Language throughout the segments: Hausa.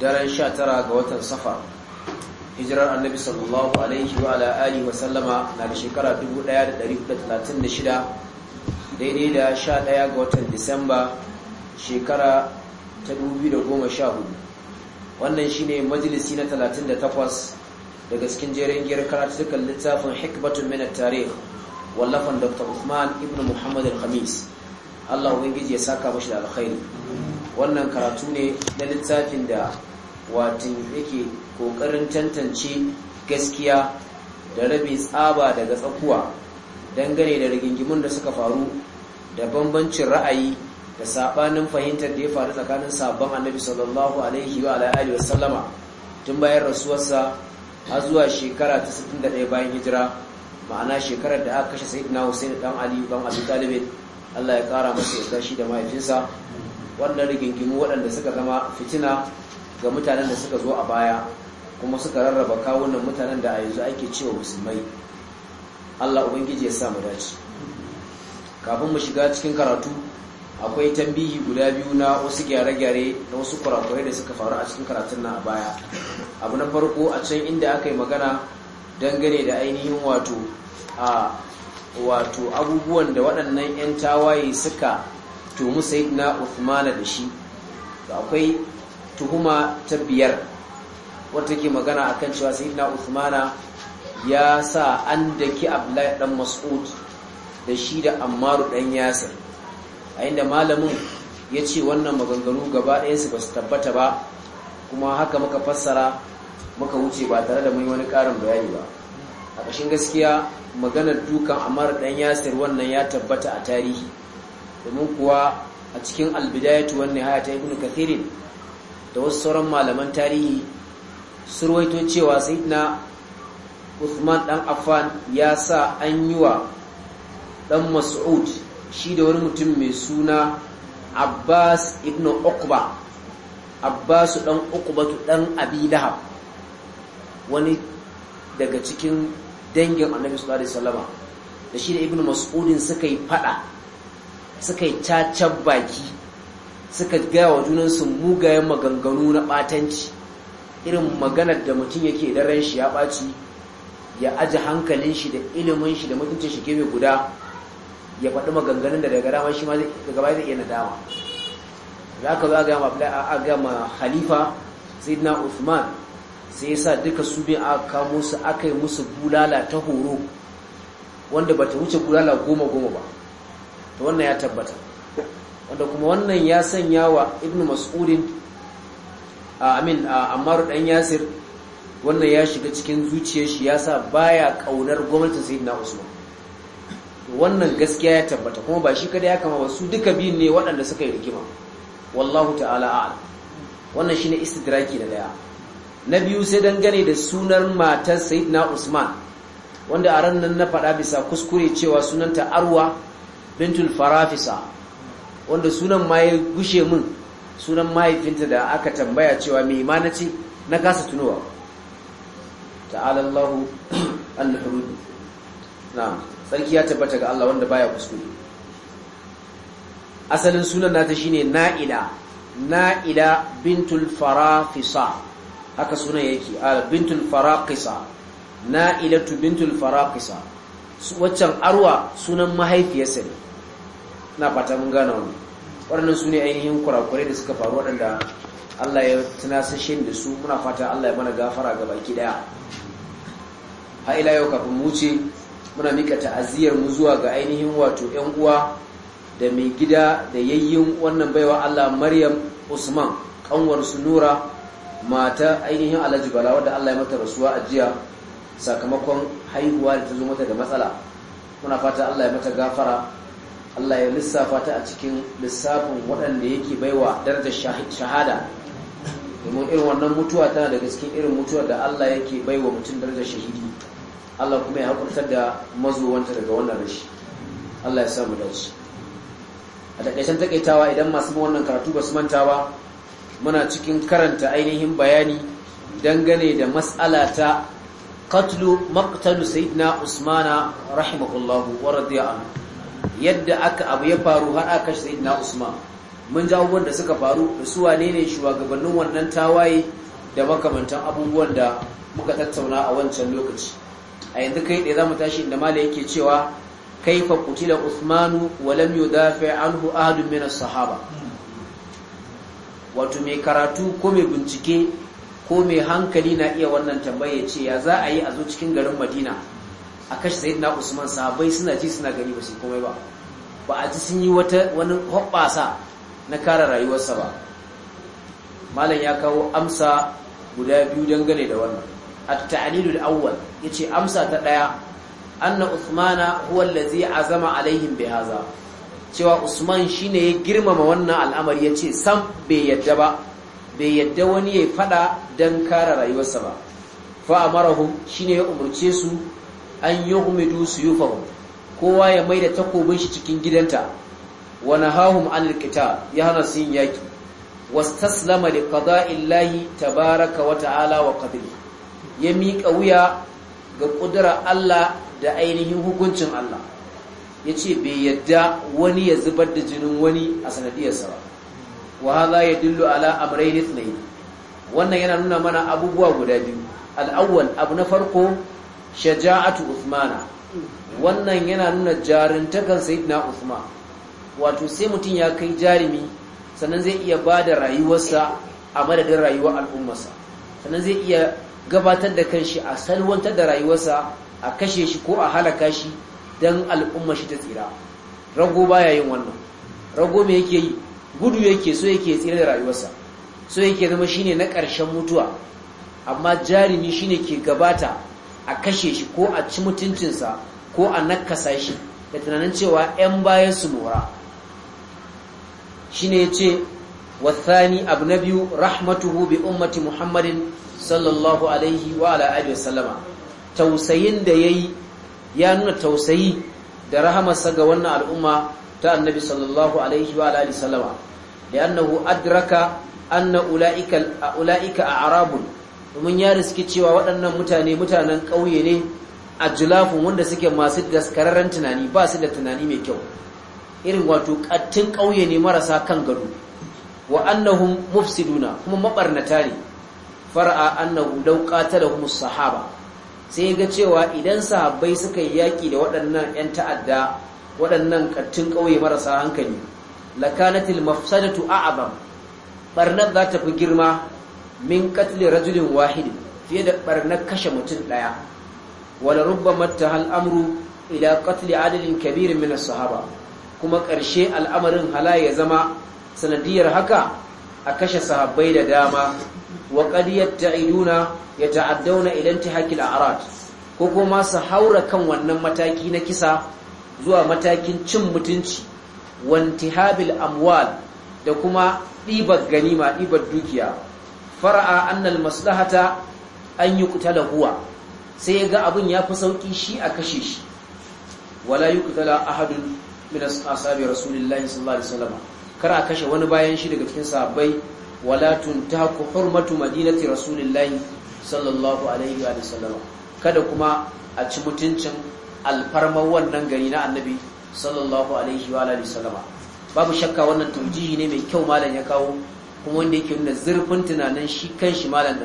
daren tara ga watan safar hijirar annabi sallallahu alaihi wa ala alihi wa sallama na da shekara 1436 daidai da sha daya ga watan disamba shekara ta 2014 wannan shi ne majalisi na 38 daga cikin jerin giyar karatukan littafin hikbatun minar tarih wallafan dr. Uthman ibn muhammad al-khamis allah ubangiji ya saka mashi da alkhairi wannan karatu ne na littafin da watin yake kokarin tantance gaskiya da rabe tsaba daga tsakuwa dangane da rigingimun da suka faru da bambancin ra'ayi da sabanin fahimtar da ya faru tsakanin sabon annabi sallallahu alaihi wa alihi wa sallama tun bayan rasuwarsa har zuwa shekara ta 61 bayan hijira ma'ana shekarar da aka kashe sayyidina Hussein dan Ali dan Abi Talib Allah ya kara masa yadda shi da mahaifinsa wannan rigingimu waɗanda suka zama fitina ga mutanen da suka zo a baya kuma suka rarraba kawunan mutanen da a yanzu ake cewa musulmai Allah ubangiji ya sa mu dace kafin mu shiga cikin karatu akwai tambihi guda biyu na wasu gyare-gyare na wasu kurakurai da suka faru a cikin karatun nan a baya abu na farko a can inda aka yi magana dangane da ainihin wato a wato abubuwan da waɗannan 'yan tawaye suka tumu sayyidina Uthmana da shi akwai tuhuma ta biyar wata ke magana akan cewa sayyidina Uthmana ya sa an daki Abdullahi dan Mas'ud da shi da Ammaru dan Yasir a inda malamin ya ce wannan maganganu gaba su ba su tabbata ba kuma haka muka fassara muka wuce ba tare da mun wani ƙarin bayani ba a ƙashin gaskiya maganar dukan amara ɗan yasir wannan ya tabbata a tarihi domin kuwa a cikin albidayatu wannan haya ta ibnu kathirin da wasu sauran malaman tarihi surwaito cewa sayyidina usman dan Affan ya sa an yi wa dan Mas'ud shi da wani mutum mai suna Abbas ibn Uqba Abbas dan Uqbatu dan Abi Lahab wani daga cikin dangin Annabi sallallahu alaihi da shi da Ibn Mas'udin suka yi fada suka yi baki suka gaya wa junansu mugayen maganganu na batanci irin maganar da mutum yake daren shi ya baci ya aji hankalin shi da ilimin shi da mutuncin shi gefe guda ya faɗi maganganun da daga dama shi ma zai iya nadama za ka zo a gaya ma halifa na uthman sai ya sa duka su bin a kamo su aka yi musu bulala ta horo wanda bata wuce bulala goma goma ba to wannan ya tabbata wanda kuma wannan ya sanya wa ibn mas'udin amin ammar dan yasir wannan ya shiga cikin zuciyar shi yasa baya kaunar gwamnatin sayyidina usman wannan gaskiya ya tabbata kuma ba shi kada ya kama ba su duka biyun ne waɗanda suka yi rigima wallahu ta'ala a'lam wannan shine istidraki da daya na biyu sai dangane da sunan matar sayyidina usman wanda a ran nan na faɗa bisa kuskure cewa sunanta arwa bintul farafisa wanda sunan ma ya gushe min sunan mahaifinta da aka tambaya cewa mai ma na ce na kasa tunowa ta'ala Allahu al Na na'am sarki ya tabbata ga Allah wanda baya kuskure asalin sunan nata shine na'ila na'ila bintul farafisa haka sunan yake bintul farafisa, na'ilatu bintul farafisa, waccan arwa sunan mahaifiyarsa ne na fata mun gane wani waɗannan su ne ainihin kurakurai da suka faru waɗanda Allah ya sashen da su muna fata Allah ya mana gafara ga baki daya a ila yau kafin mu ce muna mika ta'aziyar mu zuwa ga ainihin wato 'yan uwa da mai gida da yayyin wannan baiwa Allah Maryam Usman kanwar su Nura mata ainihin Alhaji Bala wadda Allah ya mata rasuwa a jiya sakamakon haihuwa da ta zo mata da matsala muna fata Allah ya mata gafara Allah ya lissafa ta a cikin lissafin waɗanda yake baiwa darajar shahada domin irin wannan mutuwa tana daga cikin irin mutuwar da Allah yake baiwa mutum darajar shahidi Allah kuma ya haƙurta da mazuwanta daga wannan rashi Allah ya samu dace a takaicen takaitawa idan masu wannan karatu ba su manta ba muna cikin karanta ainihin bayani dangane da mas'ala ta qatlu maqtalu sayyidina usmana rahimahullahu wa radiya anhu yadda aka abu ya faru har aka shi na usman mun ji abubuwan da suka faru da su wane ne shugabannin wannan tawaye da makamantan abubuwan da muka tattauna a wancan lokaci a yanzu kai ɗaya za mu tashi inda mala yake cewa kai fa kutila usmanu wa lam yudafi anhu ahadun min sahaba wato mai karatu ko mai bincike ko mai hankali na iya wannan tambaya ce ya za a yi a zo cikin garin madina a kashe na usman sabai suna ji suna gani ba su komai ba ba a ji sun yi wata wani hoɓɓasa na kara rayuwarsa ba malam ya kawo amsa guda biyu dangane da wannan A at da awwal ce amsa ta ɗaya, an anna usmana huwa zama azama bai haza, cewa usman shine ya girmama wannan al'amari ce sam bai yadda ba bai yadda wani ya faɗa don kara rayuwarsa ba fa shi shine ya umarce su an yi yi faru kowa ya mai da takobin shi cikin gidanta wani hahun anil ya hana su yin yaki wastaslama li qada'illahi tabaaraka wata ala wa qadri ya miƙa wuya ga ƙudura Allah da ainihin hukuncin Allah ya ce bai yadda wani ya zubar da jinin wani a sanadiyarsa ba wa ya dillu ala amrayn ithnayn wannan yana nuna mana abubuwa guda biyu al abu na farko shaja'atu uthmana wannan yana nuna jarintakan sayyidina Usman wato sai mutum ya kai jarimi sannan zai iya ba da rayuwarsa a madadin rayuwar al'ummarsa sannan zai iya gabatar da kanshi a salwantar da rayuwarsa a kashe shi ko a halaka shi don al'ummar shi ta tsira rago baya yin wannan rago me yake yi gudu yake so yake tsira da rayuwarsa so yake zama shine na ƙarshen mutuwa amma jarumi shine ke gabata a kashe shi ko a ci mutuncinsa ko a nakasa shi da tunanin cewa 'yan bayan su lura shi ne ya ce wathani abu na biyu rahmatuhu bi ummati muhammadin sallallahu alaihi wa ala'adu tausayin da ya yi ya nuna tausayi da rahamarsa ga wannan al'umma ta annabi sallallahu alaihi wa ala'adu da annahu adraka na ula'ika a arabun domin ya riski cewa waɗannan mutane mutanen ƙauye ne a julafin wanda suke masu daskararren tunani ba su da tunani mai kyau irin wato ƙattun ƙauye ne marasa kan gado wa annahum mufsiduna kuma maɓarnata ne fara'a annahu da kuma sahaba sai ga cewa idan sahabbai suka yi yaƙi da waɗannan 'yan ta'adda waɗannan ƙattun ƙauye marasa hankali lakanatil mafsadatu a'abam barnar za ta fi girma min katli rajulin wahid fiye da barnar kashe mutum ɗaya wala rubbama tahal amru ila katli adalin kabirin min sahaba kuma ƙarshe al'amarin hala ya zama sanadiyar haka a kashe sahabbai da dama wa qadiyat ta'iduna idan ta intihakil a'rad ko kuma su haura kan wannan mataki na kisa zuwa matakin cin mutunci wantihabil amwal da kuma ɗibar ganima ɗibar dukiya fara'a annal maslahata an yi kutala huwa sai ya ga abin ya fi sauƙi shi a kashe shi wala yi kutala ahadun min asabi rasulillahi sallallahu alaihi wasallam kar a kashe wani bayan shi daga cikin sahabbai wala tuntaku hurmatu madinati rasulillahi sallallahu alaihi wa sallam kada kuma a ci mutuncin alfarmar wannan gari na annabi sallallahu alaihi wa alihi babu shakka wannan tawjihi ne mai kyau malam ya kawo kuma wanda yake nuna zurfin tunanin shi kan shi malam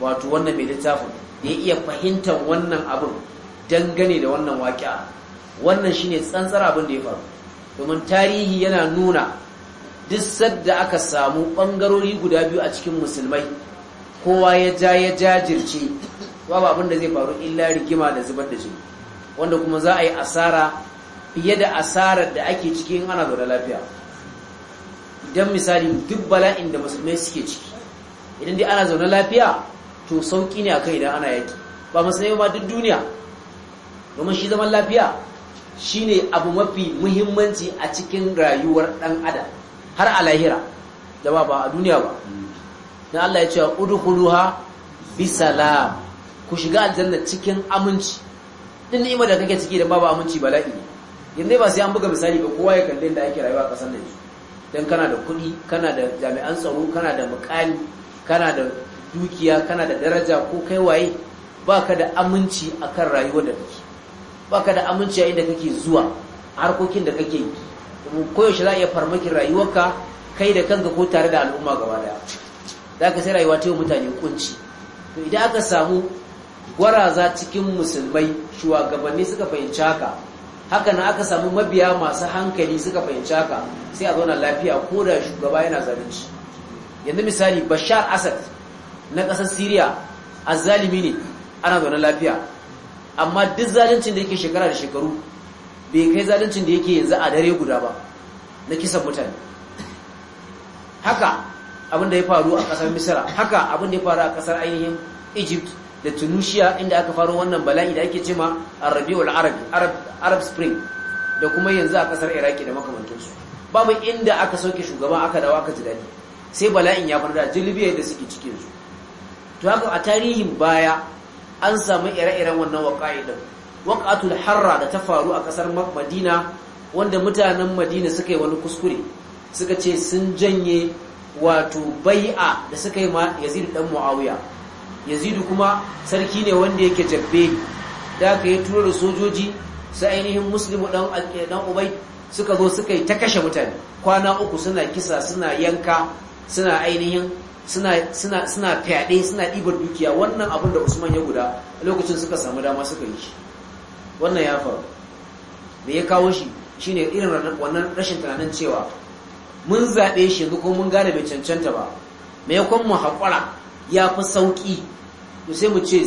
wato wannan mai littafin da ya iya fahimtar wannan abin dangane da wannan waƙi wannan shi ne tsantsar abin da ya faru domin tarihi yana nuna duk sadda aka samu ɓangarori guda biyu a cikin musulmai kowa ya ja ya jajirce babu abin da zai faru illa rigima da zubar da jini wanda kuma za a yi asara fiye da asarar da ake cikin ana zaune lafiya don misali duk bala'in da musulmai suke ciki idan dai ana zaune lafiya to sauki ne a kai idan ana yaki ba musulmai ba duk duniya domin shi zaman lafiya shine abu mafi muhimmanci a cikin rayuwar dan adam har a lahira da ba ba a duniya ba dan Allah ya ce udkhuluha salam ku shiga aljanna cikin aminci din ni'ima da kake ciki da ba aminci bala'i yanzu ba sai an buga misali ba kowa ya kalle da ake rayuwa a kasar da shi don kana da kuɗi kana da jami'an tsaro kana da mukami kana da dukiya kana da daraja ko kai waye baka da aminci akan rayuwar da kake baka da aminci a inda kake zuwa harkokin da kake yi koyaushe za a iya farmakin rayuwarka kai da kanka ko tare da al'umma gaba daya za ka sai rayuwa ta yi mutane kunci to idan aka samu gwaraza cikin musulmai shugabanni suka fahimci haka haka na aka samu mabiya masu hankali suka fahimci haka sai a zauna lafiya ko da shugaba yana zalunci yanzu misali bashar asad na ƙasar siriya zalimi ne ana zaune lafiya amma duk zaluncin da yake shekara da shekaru bai kai zaluncin da yake yanzu a dare guda ba na kisan mutane haka abin da ya faru a ƙasar misira haka abin da ya faru a ƙasar ainihin egypt da tunisia inda aka faro wannan bala'i da ake cema arabiul arabi arab spring da kuma yanzu a kasar iraki da makamantarsu babu inda aka sauke shugaban aka dawo aka ji daɗi sai bala'in ya farda jilibiyar da suke cikinsu to haka a tarihin baya an samu ire-iren wannan waƙa'i waƙatul harra da ta faru a kasar madina wanda mutanen madina suka yi wani kuskure suka ce sun janye wato bai'a da suka yi ma yazid dan muawiya yazidu kuma sarki ne wanda yake jabbe da aka yi turo da sojoji su ainihin musulmi dan eh, ubai suka zo suka yi ta kashe mutane kwana uku suna kisa suna yanka suna ainihin suna fyaɗe suna ɗibar dukiya wannan abin da usman ya guda lokacin suka samu dama suka yi wannan ya faru me ya kawo shi shine irin wannan rashin tunanin cewa mun zaɓe shi yanzu ko mun gane bai cancanta ba me ya mu haƙura ya fi sauƙi sai mu ce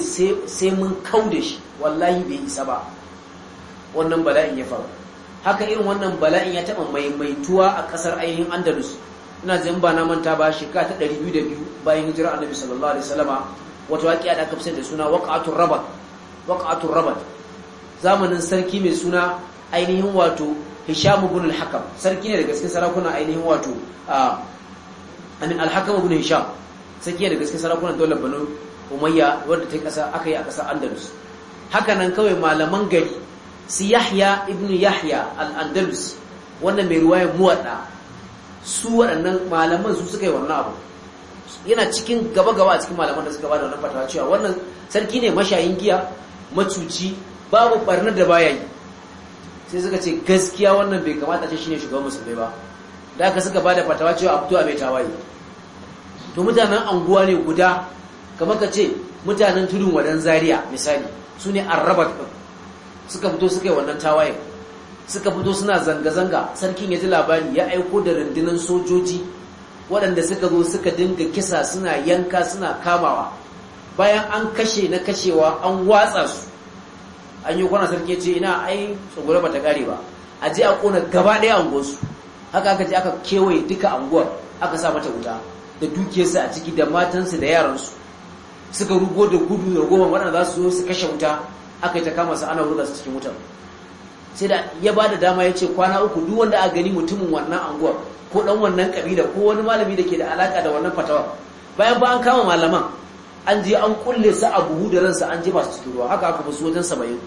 sai mun kau da shi wallahi bai isa ba wannan bala'in ya faru haka irin wannan bala'in ya taɓa maimaituwa a ƙasar ainihin andalus ina zan ba na manta ba shekara ta ɗari biyu da 202 bayan hijira annabi sallallahu alaihi wasallama wata waƙiya da aka fi da suna waqatul rabat waqatul rabat zamanin sarki mai suna ainihin wato hisham ibn al-hakam sarki ne daga cikin sarakuna ainihin wato Amin al-hakam ibn hisham tsakiyar da gaske sarakunan dole banu umayya wadda ta kasa aka yi a kasar andalus haka nan kawai malaman gari su yahya ibnu yahya al-andalus wannan mai ruwayar muwadda su waɗannan malaman su suka yi wannan abu yana cikin gaba-gaba a cikin malaman da suka bada wannan fatawa cewa wannan sarki ne mashayin giya macuci babu barnar da baya yi sai suka ce gaskiya wannan bai kamata ce shine shugaban musulmai ba da aka suka bada fatawa cewa abdu'a bai tawaye to mutanen anguwa ne guda kamar ka ce mutanen tudun wadan Zariya misali su ne arrabat ɗin suka fito suka yi wannan tawaye suka fito suna zanga-zanga sarkin ya ji labari ya aiko da rundunar sojoji waɗanda suka zo suka dinga kisa suna yanka suna kamawa bayan an kashe na kashewa an watsa su an yi kwana sarki ya ce ina ai tsogoro ba ta ba a je a kona gaba ɗaya anguwarsu haka aka je aka kewaye duka anguwar aka sa mata wuta da dukiyarsa a ciki da matansu da yaransu suka rugo da gudu da goma waɗanda za su zo su kashe wuta aka yi ta kama su ana wurga su cikin wutan. sai da ya ba da dama ya ce kwana uku duk wanda a gani mutumin wannan anguwar ko dan wannan kabila ko wani malami da ke da alaƙa da wannan fatawa bayan ba an kama malaman an je an kulle su a buhu da ransa an je ba su cikin ruwa haka aka musu wajen saba'in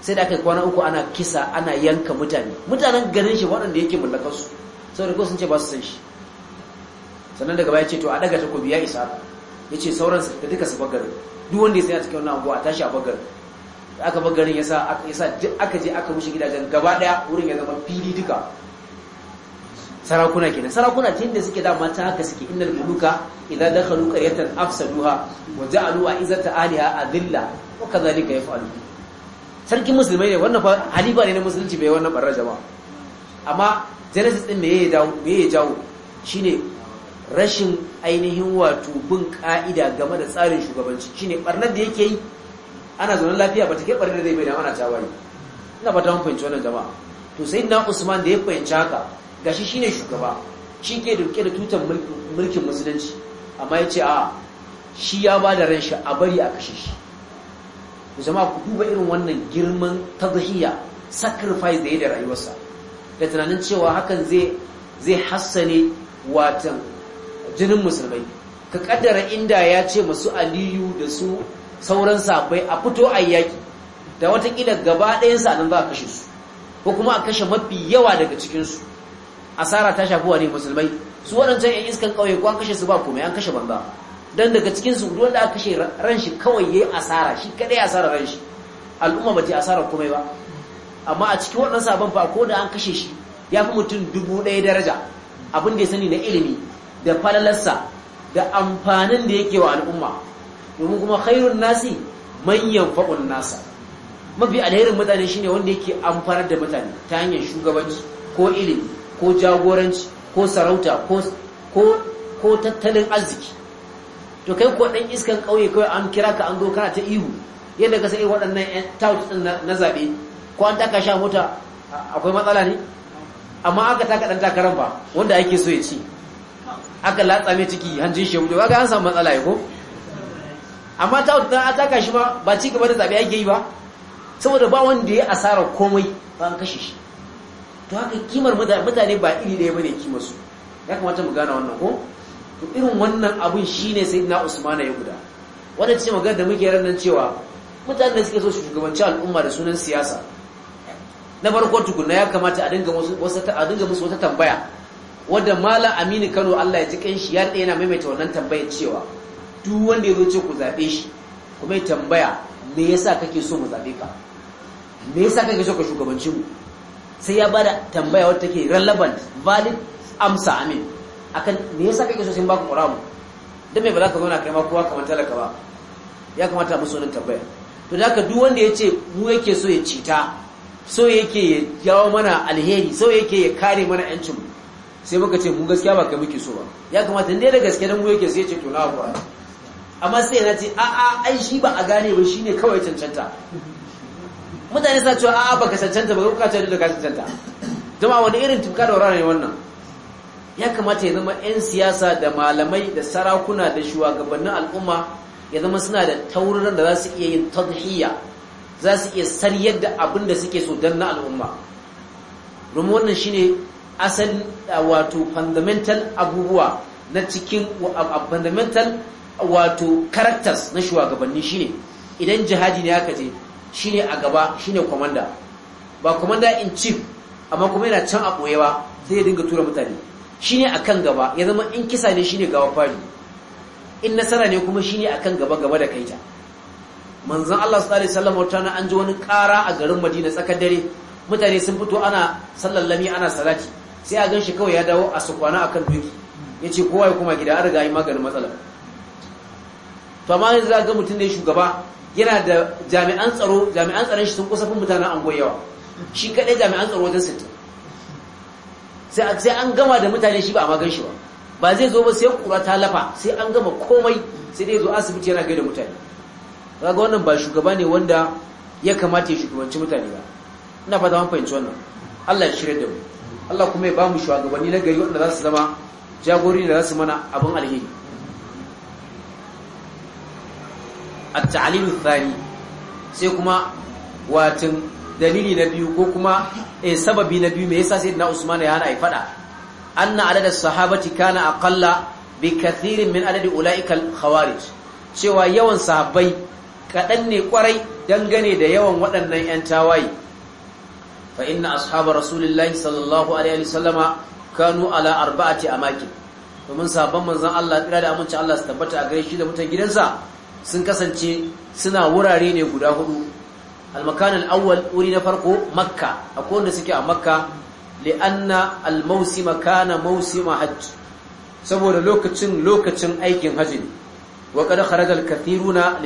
sai da aka yi kwana uku ana kisa ana yanka mutane mutanen ganin shi waɗanda yake mallakar su saboda ko sun ce ba su san shi sannan daga baya ce to a daga takobi ya isa ya ce sauran su da duka su bagarin duk wanda ya a cikin wannan abuwa a tashi a bagarin da aka bagarin ya sa duk aka je aka rushe gidajen gaba daya wurin ya zama fili duka sarakuna kenan sarakuna tun da suke dama ta haka suke innal waje a dakhalu qaryatan afsaduha wa ja'alu a'izzata ahliha adilla wa yi faru sarki musulmai ne wannan halifa ne na musulunci bai wannan barra jama'a amma genesis din ya me ya jawo shine rashin ainihin wato bin ka'ida game da tsarin shugabanci shine barnar da yake yi ana zaune lafiya ba ta ke barnar da zai bai damana ta waye ina ba ta fahimci wannan jama'a to sai na Usman da ya fahimci haka gashi shine shugaba shi ke dauke da tutan mulkin musulunci amma ya ce a shi ya ba da ranshi a bari a kashe shi ku zama ku duba irin wannan girman tazahiya sacrifice da ya da rayuwarsa da tunanin cewa hakan zai zai hassane watan jinin musulmai ka kaddara inda ya ce masu aliyu da su sauran sabai a fito a yaki da watakila gaba ɗayansa nan za a kashe su ko kuma a kashe mafi yawa daga cikinsu asara ta shafi wa ne musulmai su waɗancan yan iskan ƙauye ko an kashe su ba kuma an kashe banza don daga cikinsu duk wanda aka kashe ran kawai ya yi asara shi kaɗai asara ran al'umma ba ta asara komai ba amma a cikin wannan sabon fa ko da an kashe shi ya fi mutum dubu ɗaya daraja abin da ya sani na ilimi da falalarsa da amfanin da yake wa al'umma domin kuma khairun nasi manyan faɗin nasa mafi alherin mutane shine wanda yake amfanar da mutane ta hanyar shugabanci ko ilimi ko jagoranci ko sarauta ko tattalin arziki to kai ko ɗan iskan ƙauye kawai an kira ka an zo kana ta ihu yadda ka sai waɗannan tawus ɗin na zaɓe ko an taka sha mota akwai matsala ne amma aka taka ɗan takarar ba wanda ake so ya ci aka latsa mai ciki hanjin shi mutu kaga an samu matsala ya ko amma ta wuta a taka shi ma ba ci gaba da zaɓe yake yi ba saboda ba wanda ya asara komai ba an kashe shi to haka kimar mutane ba iri ɗaya bane kimar su ya kamata mu gane wannan ko to irin wannan abun shine na usmana ya guda wannan ce magana da muke ranan cewa mutanen da suke so shugabanci al'umma da sunan siyasa na farko tukunna ya kamata a dinga musu wata tambaya wadda malam aminu kano allah ya ji kanshi ya ɗaya na maimaita wannan tambayar cewa duk wanda ya zo ce ku zaɓe shi kuma ya tambaya me yasa kake so mu zaɓe ka me yasa kake so ka shugabanci mu sai ya bada tambaya wadda take relevant valid amsa amin akan me yasa kake so ku baka mu dan me ba za ka zo na kai ma kowa kamar talaka ba ya kamata mu sonin tambaya to da haka duk wanda ya ce mu yake so ya cita so yake ya jawo mana alheri so yake ya kare mana yancin mu sai muka ce mun gaskiya ba ka muke so ba ya kamata ne da gaske dan mu yake sai ce to na ku amma sai na ce a a ai shi ba a gane ba shine kawai cancanta mutane sa cewa a a baka cancanta ba ka ce da ka cancanta jama'a wani irin tuka da ne wannan ya kamata ya zama 'yan siyasa da malamai da sarakuna da shugabannin al'umma ya zama suna da taurin da za su iya yin tadhiyya za su iya sar yadda abin da suke so don na al'umma domin wannan shine asali ah, wato fundamental abubuwa na cikin ah, ah, fundamental wato characters na shugabanni shine idan jihadi ne aka je shine a gaba shine commander ba commander in chief amma kuma yana can a boye ba zai dinga tura mutane shine akan gaba ya zama in kisa ne shine gaba fari in nasara ne kuma shine akan gaba gaba da kaita manzon Allah sallallahu alaihi wasallam wata an ji wani ƙara a garin Madina tsakar dare mutane sun fito ana sallallami ana salati sai a ganshi kawai ya dawo a sukwana akan duki yace kowa ya kuma gida an riga yi maganin matsalar to amma yanzu za ga mutum ne shugaba yana da jami'an tsaro jami'an tsaron shi sun kusa fin mutanen angon yawa shi kadai jami'an tsaro wajen sittin sai an gama da mutane shi ba a magan shi ba ba zai zo ba sai kura ta lafa sai an gama komai sai dai zo asibiti yana gaida mutane ga wannan ba shugaba ne wanda ya kamata ya shugabanci mutane ba ina fata mun fahimci wannan Allah ya shirye da mu Allah kuma ya ba mu shugabanni na gari wanda za su zama jagori da za su mana abin alheri at-ta'lim thani sai kuma watin dalili na biyu ko kuma eh sababi na biyu me yasa na Usman ya hana ai fada anna adada sahabati kana aqalla bi kathirin min adadi ulaika khawarij cewa yawan sahabbai kadan ne kwarai dangane da yawan waɗannan 'yan tawaye fa inna ashab rasulillahi sallallahu alaihi wasallama kanu ala arba'ati amakin domin sabon manzon Allah kira da aminci Allah su tabbata a gare shi da mutan gidansa sun kasance suna wurare ne guda hudu al Auwal wuri na farko makka akwai wanda suke a makka li'anna al-mawsima kana mawsima hajj saboda lokacin lokacin aikin hajji ne wa qad kharaja al-kathiruna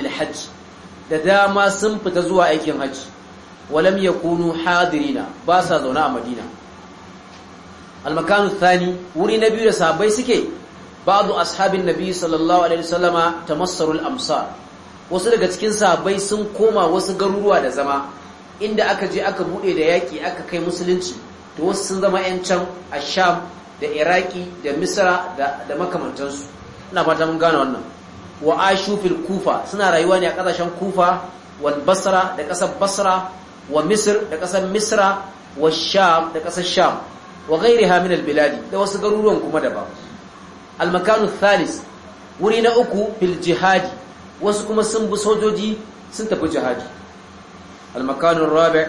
da dama sun fita zuwa aikin hajji ولم يكونوا hadirina ba sa مدينه a madina وري نبي wuri na biyu da sahabbai suke ba'du ashabin nabi sallallahu alaihi amsar wasu daga cikin sahabbai sun koma wasu garuruwa da zama inda aka je aka bude da yaki aka kai musulunci to wasu sun zama yan can ashab da iraki da misra da, da makamantansu ina fata mun gane wannan wa ashu fil kufa suna rayuwa ne a kasashen kufa wal basra da kasar basra wa misir da kasar misra wa sham da kasar sham wa gairi min albiladi da wasu garuruwan kuma ba almakanu thalis wuri na uku fil jihadi wasu kuma sun bi sojoji sun tafi jihadi almakanu rabi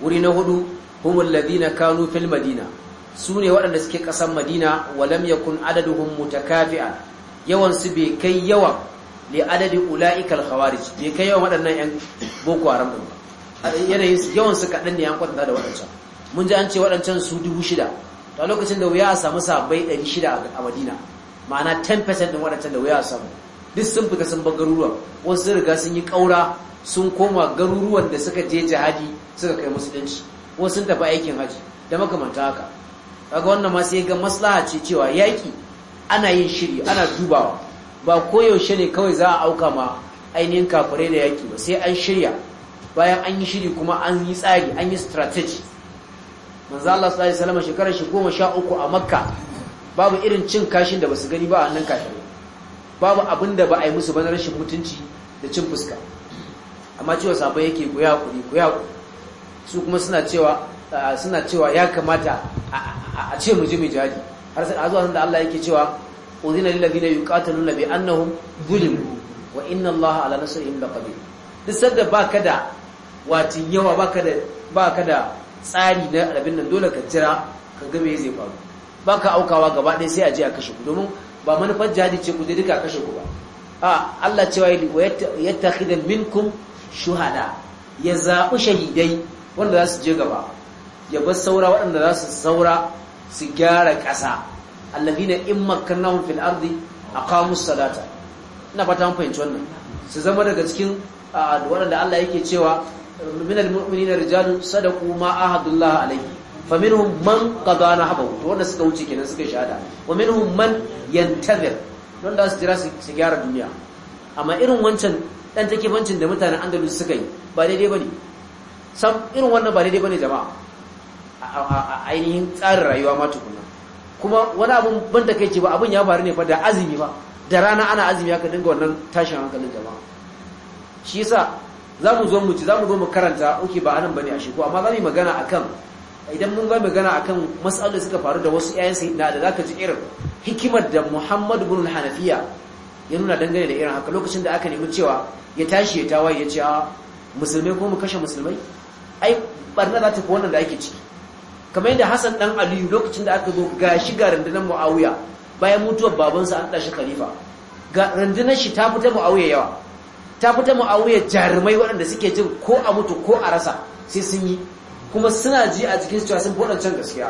wuri na hudu humul ladina kanu fil madina su ne waɗanda suke ƙasar madina walam yakun adaduhum mutakafi'a yawan su bai kai yawan li adadi ula'ikal khawarij bai kai yawan waɗannan yan boko haram din ba yanayin yawan su kaɗan ne ya kwanta da waɗancan mun ji an ce waɗancan su dubu shida ta lokacin da wuya a samu sabai ɗari shida a madina ma'ana 10% ɗin waɗancan da wuya a samu duk sun fita sun bar garuruwan wasu sun riga sun yi ƙaura sun koma garuruwan da suka je jihadi suka kai musulunci wasu sun tafi aikin hajji da makamanta haka kaga wannan ma sai ga maslaha ce cewa yaƙi ana yin shiri ana dubawa ba koyaushe ne kawai za a auka ma ainihin kafirai da yaƙi ba sai an shirya bayan an yi shiri kuma an yi tsari an yi strategy manzo Allah sallallahu alaihi shekarar shi 13 a Makka babu irin cin kashin da basu gani ba a nan kafin babu abin da ba a yi musu ba na rashin mutunci da cin fuska amma cewa sabai yake ku ya kuri ku ya su kuma suna cewa suna cewa ya kamata a ce mu ji mu jaji har sai azuwa da Allah yake cewa udhina lil ladina yuqatiluna bi annahum zulimu wa inna Allah ala nasrihim laqadir duk sanda baka da watin yawa ba ka da tsari na abin nan dole ka jira ka game ya zai faru ba ka aukawa gaba ɗaya sai a ji a kashe ku domin ba manufar jihadi ce ku je duka kashe ku ba a Allah cewa da minkum shuhada ya zaɓi shahidai wanda za su je gaba ya bar saura waɗanda za su saura su gyara ƙasa na in makkannahum fil ardi aqamus salata ina fata mun fahimci wannan su zama daga cikin waɗanda Allah yake cewa من المؤمنين رجال صدقوا ما عهد الله عليه man من قضى نحبه wanda suka wuce kenan suka shahada ومنهم من ينتظر wanda su jira su gyara duniya amma irin wancan dan take da mutanen andalus suka yi ba daidai bane sam irin wannan ba daidai bane jama'a ainihin tsarin rayuwa ma tukuna kuma wani abun ban da kai ba abun ya faru ne fa da azumi ba da rana ana azumi aka dinga wannan tashin hankalin jama'a shi yasa za mu zo mu ci za mu zo mu karanta oke ba anan bane a shi ko amma za mu yi magana akan idan mun ga magana akan matsalar da suka faru da wasu ƴaƴan na da za ka ji irin hikimar da Muhammad ibn Hanafiya ya nuna dangane da irin haka lokacin da aka nemi cewa ya tashi ya tawaye ya ce a musulmai ko mu kashe musulmai ai barna za ta fi wannan da ake ciki kamar yadda Hassan dan Aliyu lokacin da aka zo ga shi ga rundunar Muawiya bayan mutuwar babansa an tashi khalifa ga rundunar shi ta fita Muawiya yawa ta fita mu'awiyya jarumai waɗanda suke jin ko a mutu ko a rasa sai sun yi kuma suna ji a jikin cewa sun waɗancan gaskiya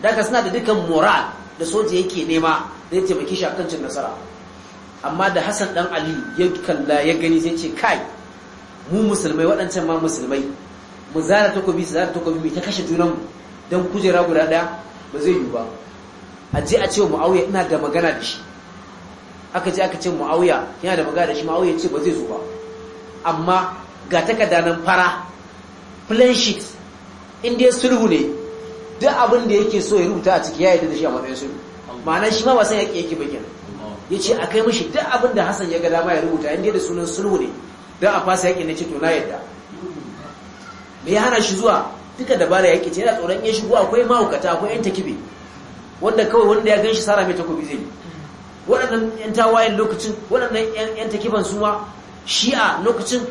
daga suna da dukkan moral da soja yake nema da ya taimaki shi nasara amma da hassan dan ali ya kalla ya gani sai ce kai mu musulmai waɗancan ma musulmai mu zara takobi su zara takobi mai ta kashe junanmu don kujera guda ɗaya ba zai yiwu ba a je a ce wa mu'awiyya ina da magana da shi aka ce aka ce muawiya yana da magana da shi muawiya ce ba zai zo ba amma ga takarda nan fara plain sheet inda sulhu ne duk abin da yake so ya rubuta a ciki ya yadda da shi a matsayin sulhu ma'ana shi ma ba san yake yake ba ya ce a kai mishi duk abin da Hassan ya ga dama ya rubuta inda da sunan sulhu ne dan a fasa yake na ce to na yadda bai ya hana shi zuwa duka dabara yake ce yana tsoron ya shigo akwai mahaukata akwai yan takibi wanda kawai wanda ya ganshi sara mai takobi zai waɗannan 'yan tawayen lokacin waɗannan 'yan takifan suwa shi'a lokacin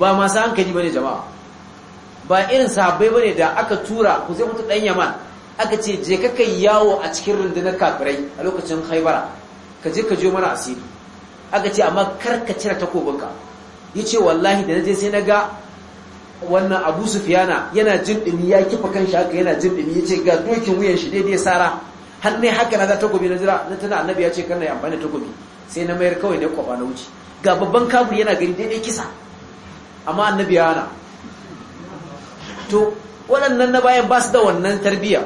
ba masu hankali ba ne jama'a ba irin sahabbai ba ne da aka tura ku zai mutu ɗan yaman aka ce je ka kai yawo a cikin rundunar kafirai a lokacin haibara ka je ka je mana asiri aka ce amma kar ka cire takobinka ya ce wallahi da na je sai na ga wannan abu sufiyana yana jin ɗumi ya kifa kan shi haka yana jin ɗumi ya ce ga dokin wuyan shi daidai sara har ne haka na za takobi na jira na tana annabi ya ce kar na yi amfani da takobi sai na mayar kawai da kwaba na wuce ga babban kaburi yana gari daidai kisa amma annabi ya to waɗannan na bayan ba su da wannan tarbiyya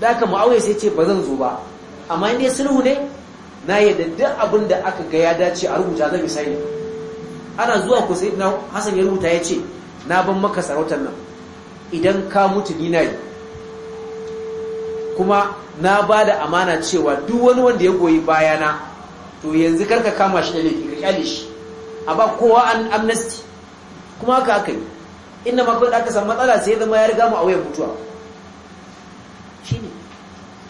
da aka ma'auya sai ce ba zan zo ba amma inda sulhu ne na yadda duk abin da aka ga ya dace a rubuta zan misali ana zuwa ku sai na hasan ya rubuta ya ce na ban maka sarautar nan idan ka mutu ni na yi kuma na ba da amana cewa duk wani wanda ya goyi bayana to yanzu karka kama shi da laifi ka a ba kowa an amnesty kuma haka aka yi inda ma da aka san matsala sai zama ya riga mu a wayar mutuwa shine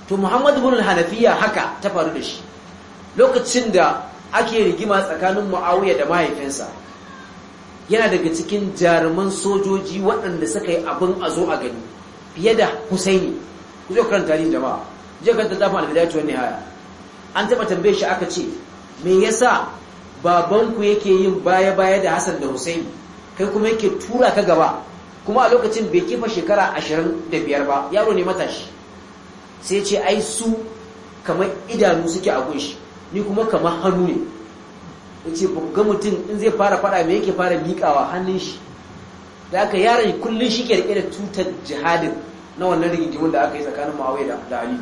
to muhammadu ibn hanafiya haka ta faru da shi lokacin da ake rigima tsakanin muawiya da mahaifinsa yana daga cikin jaruman sojoji waɗanda suka yi abin a zo a gani fiye da husaini ku zo karanta tarihin jama'a je karanta dafa al-bidayatu wan nihaya an taba tambaye shi aka ce me yasa baban ku yake yin baya-baya da Hassan da Hussein kai kuma yake tura ka gaba kuma a lokacin bai kifa shekara 25 ba yaro ne matashi sai ce ai su kamar idanu suke a gunshi ni kuma kamar hannu ne yace ga mutum in zai fara fada me yake fara miƙawa hannun shi da aka yaron kullun shi ke rike da tutar jihadin na wannan rigingimin da aka yi tsakanin mawai da ali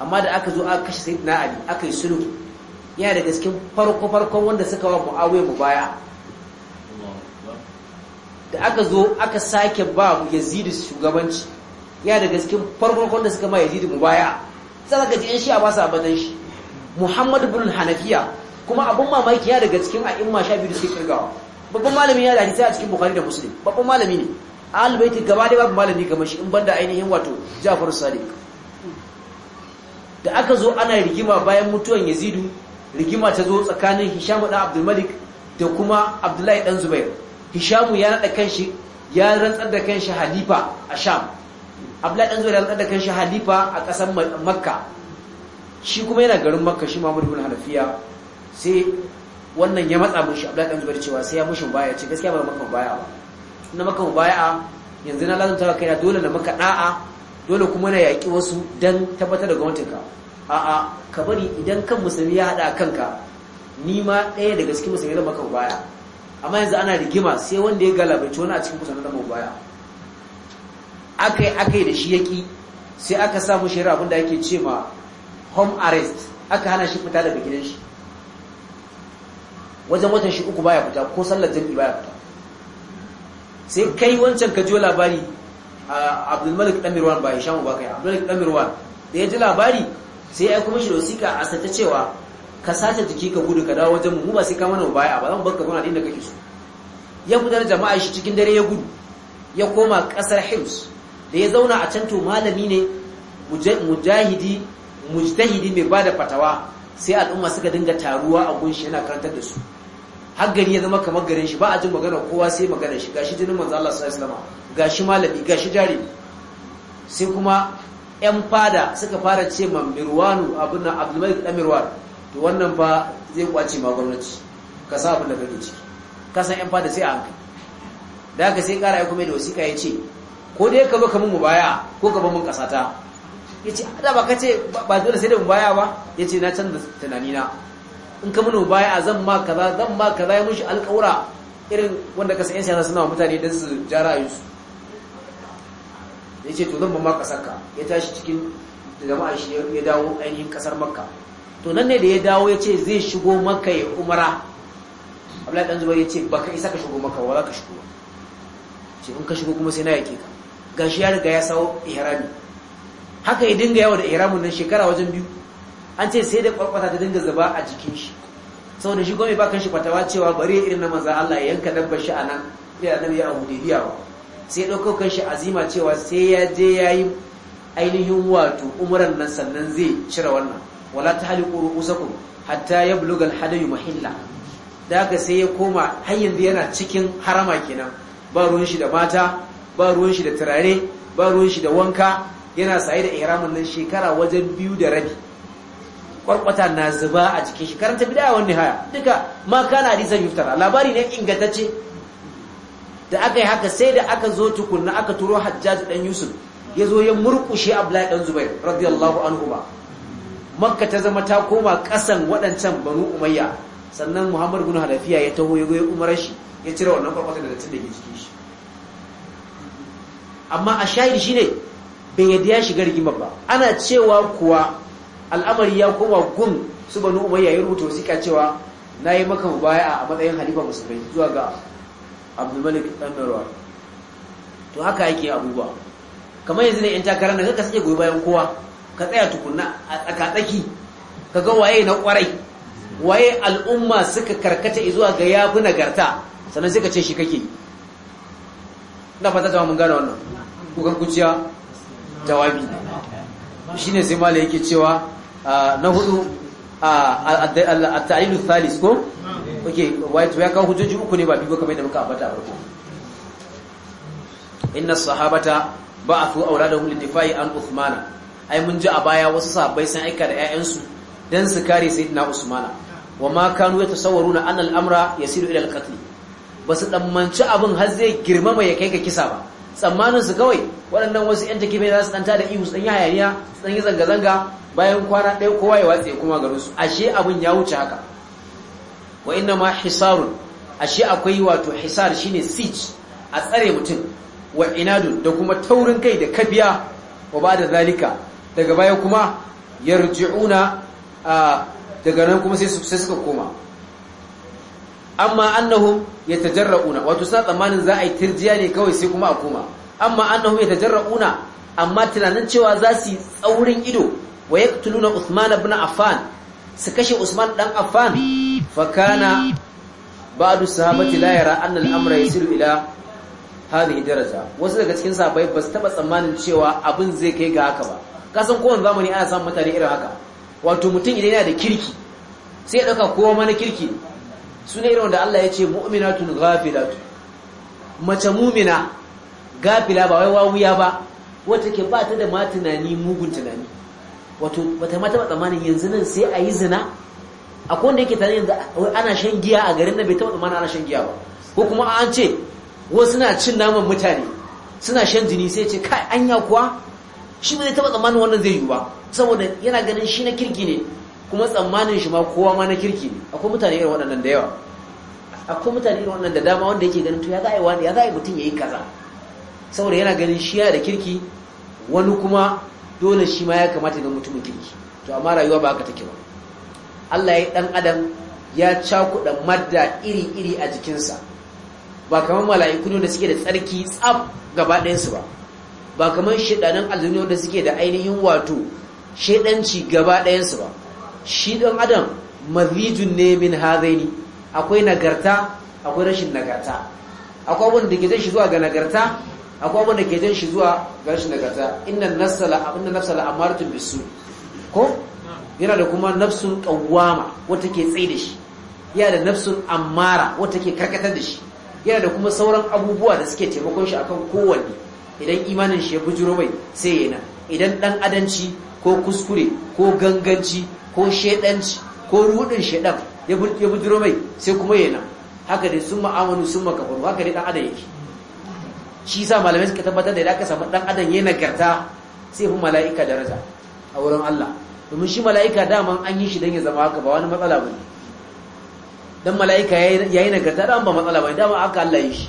amma da aka zo aka kashe sayyidina ali aka yi sulhu yana da gaskin farko farkon wanda suka wa mu baya da aka zo aka sake ba yazid shugabanci ya da gaskin farko farkon wanda suka ma yazid mubaya sai ka ji yan a ba sa abanan shi muhammad ibn hanafiya kuma abun mamaki ya daga cikin a'imma sha biyu da suke kirgawa babban malami ya da hadisi a cikin bukhari da muslim babban malami ne albaiti gaba da babu malami kamar shi in banda ainihin wato Ja'far Sadiq da aka zo ana rigima bayan mutuwan Yazidu rigima ta zo tsakanin Hishamu da Abdul Malik da kuma Abdullahi dan Zubair Hishamu ya nada kanshi ya rantsar da kanshi halifa a Sham Abdullahi dan Zubair ya rantsar da kanshi halifa a kasar Makka shi kuma yana garin Makka shi Muhammad ibn halafiya sai wannan ya matsa mushi Abdullahi dan Zubair cewa sai ya mushi baya ce gaskiya ba Makka baya ba na maka mubaya'a yanzu na lazanta kai na dole na maka da'a dole kuma na yaƙi wasu dan tabbatar da gwamnatinka a'a ka bari idan kan musulmi ya hada kanka ni ma ɗaya daga cikin musulmi na maka mubaya amma yanzu ana rigima sai wanda ya galabaici wani a cikin musulmi na mubaya aka yi da shi yaki sai aka sa mu abin abinda ake ce ma home arrest aka hana shi fita daga gidan shi wajen watan shi uku baya fita ko sallar jami'i baya fita sai kai wancan ka ji labari abdulmalik damirwan ba hisham ba kai abdulmalik damirwan da ya ji labari sai ya kuma shi da wasiƙa a sata cewa ka sace jiki ka gudu ka dawo wajen mu ba sai ka mana baya ba zan barka kuna inda kake so ya gudanar jama'a shi cikin dare ya gudu ya koma kasar Hims da ya zauna a can to malami ne mujahidi mujtahidi mai bada fatawa sai al'umma suka dinga taruwa a gunshi yana karantar da su har gari ya zama kamar garin shi ba a jin magana kowa sai magana shi gashi jinin manzo Allah sallallahu alaihi wasallam gashi malami gashi jari sai kuma yan fada suka fara ce man mirwanu abun nan Malik da mirwan to wannan ba zai kwace ma gwamnati ka sa abin da kake ciki ka san yan fada sai a hankali da haka sai ƙara ya kuma da wasiƙa ya ce ko dai ka zo ka mun mubaya ko ka bar mun kasata ya ce da ba ka ce ba dole sai da mubaya ba ya ce na canza tunanina in ka munu baya zan ma kaza zan ma kaza ya mushi alƙawura irin wanda kasa yan siyasa suna mutane don su ja ra'ayinsu ya ce to zan ma kasar ka ya tashi cikin jama'a shi ya dawo ainihin kasar makka to nan ne da ya dawo ya ce zai shigo makka ya umara abla dan zubar ya ce ba ka isa ka shigo makka za ka shigo ce in ka shigo kuma sai na yake ka gashi ya riga ya sawo ihrami haka ya dinga yawa da ihramin nan shekara wajen biyu an ce sai da kwarkwata ta dinga zaba a jikin shi saboda shi kuma ba kan shi fatawa cewa bari irin na maza Allah ya yanka dabba shi a nan ya nan ya abu biya sai ɗauko kan shi azima cewa sai ya je ya yi ainihin wato umuran nan sannan zai cire wannan wala ta hali ƙuru hatta ya bulugan hadayu mahilla da haka sai ya koma har yanzu yana cikin harama kenan ba ruwan shi da mata ba ruwan shi da turare ba ruwan shi da wanka yana saye da ihramin nan shekara wajen biyu da rabi kwarkwata na zuba a cikin shi karanta a wani haya duka ma kana hadisan yuftar labari ne ingantacce da aka yi haka sai da aka zo tukunna aka turo hajjaj dan yusuf ya zo ya murkushe abdullahi dan zubair radiyallahu anhu ba makka ta zama ta koma kasan waɗancan banu umayya sannan muhammad bin halafiya ya taho ya goye umar shi ya cire wannan kwarkwata da dattin da cikin shi amma a shahid shine bai yadda ya shiga rigimar ba ana cewa kuwa al'amari ya koma gun su banu umayya ya rubuta wasiƙa cewa na yi maka baya a matsayin halifa musulmai zuwa ga abdulmalik ɗan marwa to haka yake abubuwa kamar yanzu ne yan takarar na kaka suke goyi bayan kowa ka tsaya tukunna a tsakatsaki ka ga waye na kwarai waye al'umma suka karkata zuwa ga yafi nagarta sannan suka ce shi kake ina fata zama mun gane wannan kukan kuciya jawabi shine sai mala yake cewa Ah, na hudu ah, a tailu thalis ko Ok, wai to ya kawo hujjoji uku ne ba biyu kamar da muka ambata a farko inna sahabata ba'athu auladahum lidifai an usmana. ai mun ji a baya wasu sahabbai sun aika da 'ya'yansu dan su kare sayyidina usmana wama kanu yatasawwaruna anna al-amra yasiru ila al-qatl basu dammanci abin har zai girmama ya kai ga kisa ba tsammanin su kawai waɗannan wasu ƴan take mai za su danta da ihu su dan hayaniya su dan zanga zanga bayan kwana ɗaya kowa ya ya kuma garin su ashe abin ya wuce haka wa inna ma hisarun ashe akwai wato hisar shine siege a tsare mutum wa inadun da kuma taurin kai da kafiya wa ba da zalika daga baya kuma yarji'una daga nan kuma sai suka koma amma annahum yatajarrauna wato sa tsammanin za a yi tirjiya ne kawai sai kuma a koma amma annahum yatajarrauna amma tunanin cewa za su yi tsaurin ido wa yaqtuluna Uthman ibn Affan su kashe Usman dan Affan fa kana ba'du sahabati la yara anna al-amra yasiru ila hadhihi daraja wasu daga cikin sahabbai ba su taba tsammanin cewa abin zai kai ga haka ba kasan kowanne zamani ana samun mutane irin haka wato mutum idan yana da kirki sai ya dauka kowa mana kirki ne irin wanda Allah ya ce mu'minatun ghafilatu mace mu'mina gafila ba wai wawiya ba wata ke ba ta da ma tunani mugun tunani wato wata mata ba tsammanin yanzu nan sai a yi zina akwai wanda yake tare yanzu ana shan giya a garin na bai taba tsammanin ana shan giya ba ko kuma an ce wa suna cin naman mutane suna shan jini sai ce kai anya kuwa shi ba zai taba tsammanin wannan zai yi ba saboda yana ganin shi na kirki ne kuma tsammanin shi ma kowa ma na kirki ne akwai mutane irin waɗannan da yawa akwai mutane irin waɗannan da dama wanda yake ganin to ya za a yi wani ya za a yi mutum ya yi kaza saboda yana ganin shi yana da kirki wani kuma dole shi ma ya kamata ga mutumin kirki to amma rayuwa ba haka take ba Allah ya dan adam ya cakuɗa madda iri-iri a jikinsa ba kamar mala'iku ne da suke da tsarki tsab gaba su ba ba kamar shedanan aljanu da suke da ainihin wato shedanci gaba su ba shi dan adam mazijun ne min hazaini akwai nagarta akwai rashin nagarta akwai wanda ke zai shi zuwa ga nagarta akwai abin da ke jan shi zuwa ga rashin nagarta inna nafsala inna Martin bisu ko yana da kuma nafsun qawwama wata ke tsaye da shi yana da nafsun amara wata ke karkatar da shi yana da kuma sauran abubuwa da suke taimakon shi akan kowanne idan imanin shi ya bujuro mai sai yana idan dan adanci ko kuskure ko ganganci ko shedanci ko rudin shedan ya bujuro mai sai kuma yana haka dai sun ma'amalu sun kafaru haka dai dan adam yake shi sa malamai suka tabbatar da idan aka samu dan adam yayin nagarta sai fi mala'ika daraja a wurin Allah domin shi mala'ika daman an yi shi dan ya zama haka ba wani matsala ba ne dan mala'ika yayin nagarta dan ba matsala ba ne dama aka Allah yi shi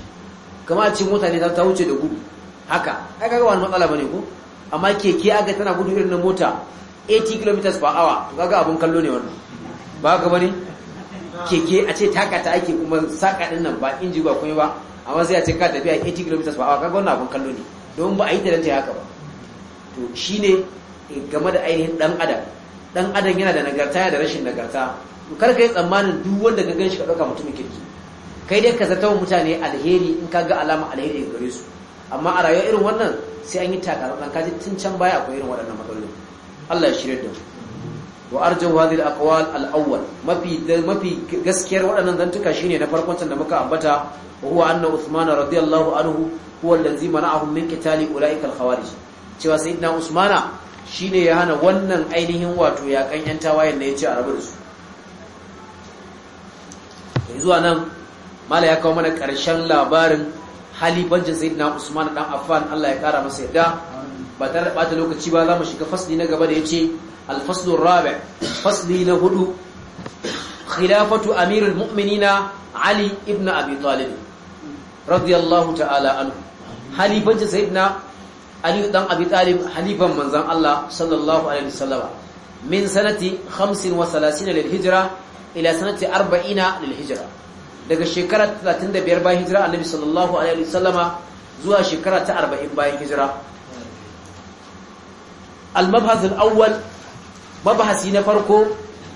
kamar a ce mota ne ta wuce da gudu haka ai kaga wani matsala ba ne ko amma keke aga tana gudu irin na mota 80 km per hour kaga abun kallo ne wannan ba haka bane keke a ce takata ake kuma saka din nan ba inji ba kuma ba amma sai a ce ka tafiya 80 km ba kaga wannan abin kallo ne don ba a yi talanta haka ba to shine eh, game da ainihin dan adam dan adam yana da nagarta da rashin nagarta kar ka yi tsammanin duk wanda ka ganshi ka dauka mutumin kirki kai dai ka zata mutane alheri in ka ga alama alheri daga gare su amma a rayuwa irin wannan sai an yi takarar ka kaji tun can baya akwai irin waɗannan matsaloli Allah ya shirya da mu wa arjau hadhihi al-aqwal al mafi mafi gaskiyar waɗannan zantuka shine na farkon da muka ambata وهو أن عثمان رضي الله عنه هو الذي منعهم من قتال أولئك الخوارج cewa sayyidina usmana shine ya hana wannan ainihin wato yakan yan tawayen da yace a rabu da su zuwa nan mala ya kawo mana karshen labarin halifancin sayyidina usman dan affan Allah ya kara masa yadda ba tare da bata lokaci ba zamu shiga fasli na gaba da yace al-faslu rabi fasli na hudu khilafatu amirul mu'minina ali ibn abi talib radiyallahu ta'ala anhu halifancin sayyidina ali dan abi talib halifan manzon Allah sallallahu alaihi wasallam min sanati 35 lil hijra ila sanati 40 lil hijra daga shekara 35 bayan hijira annabi sallallahu alaihi wasallam zuwa shekara ta 40 bayan hijira al-mabhath al-awwal mabhasi na farko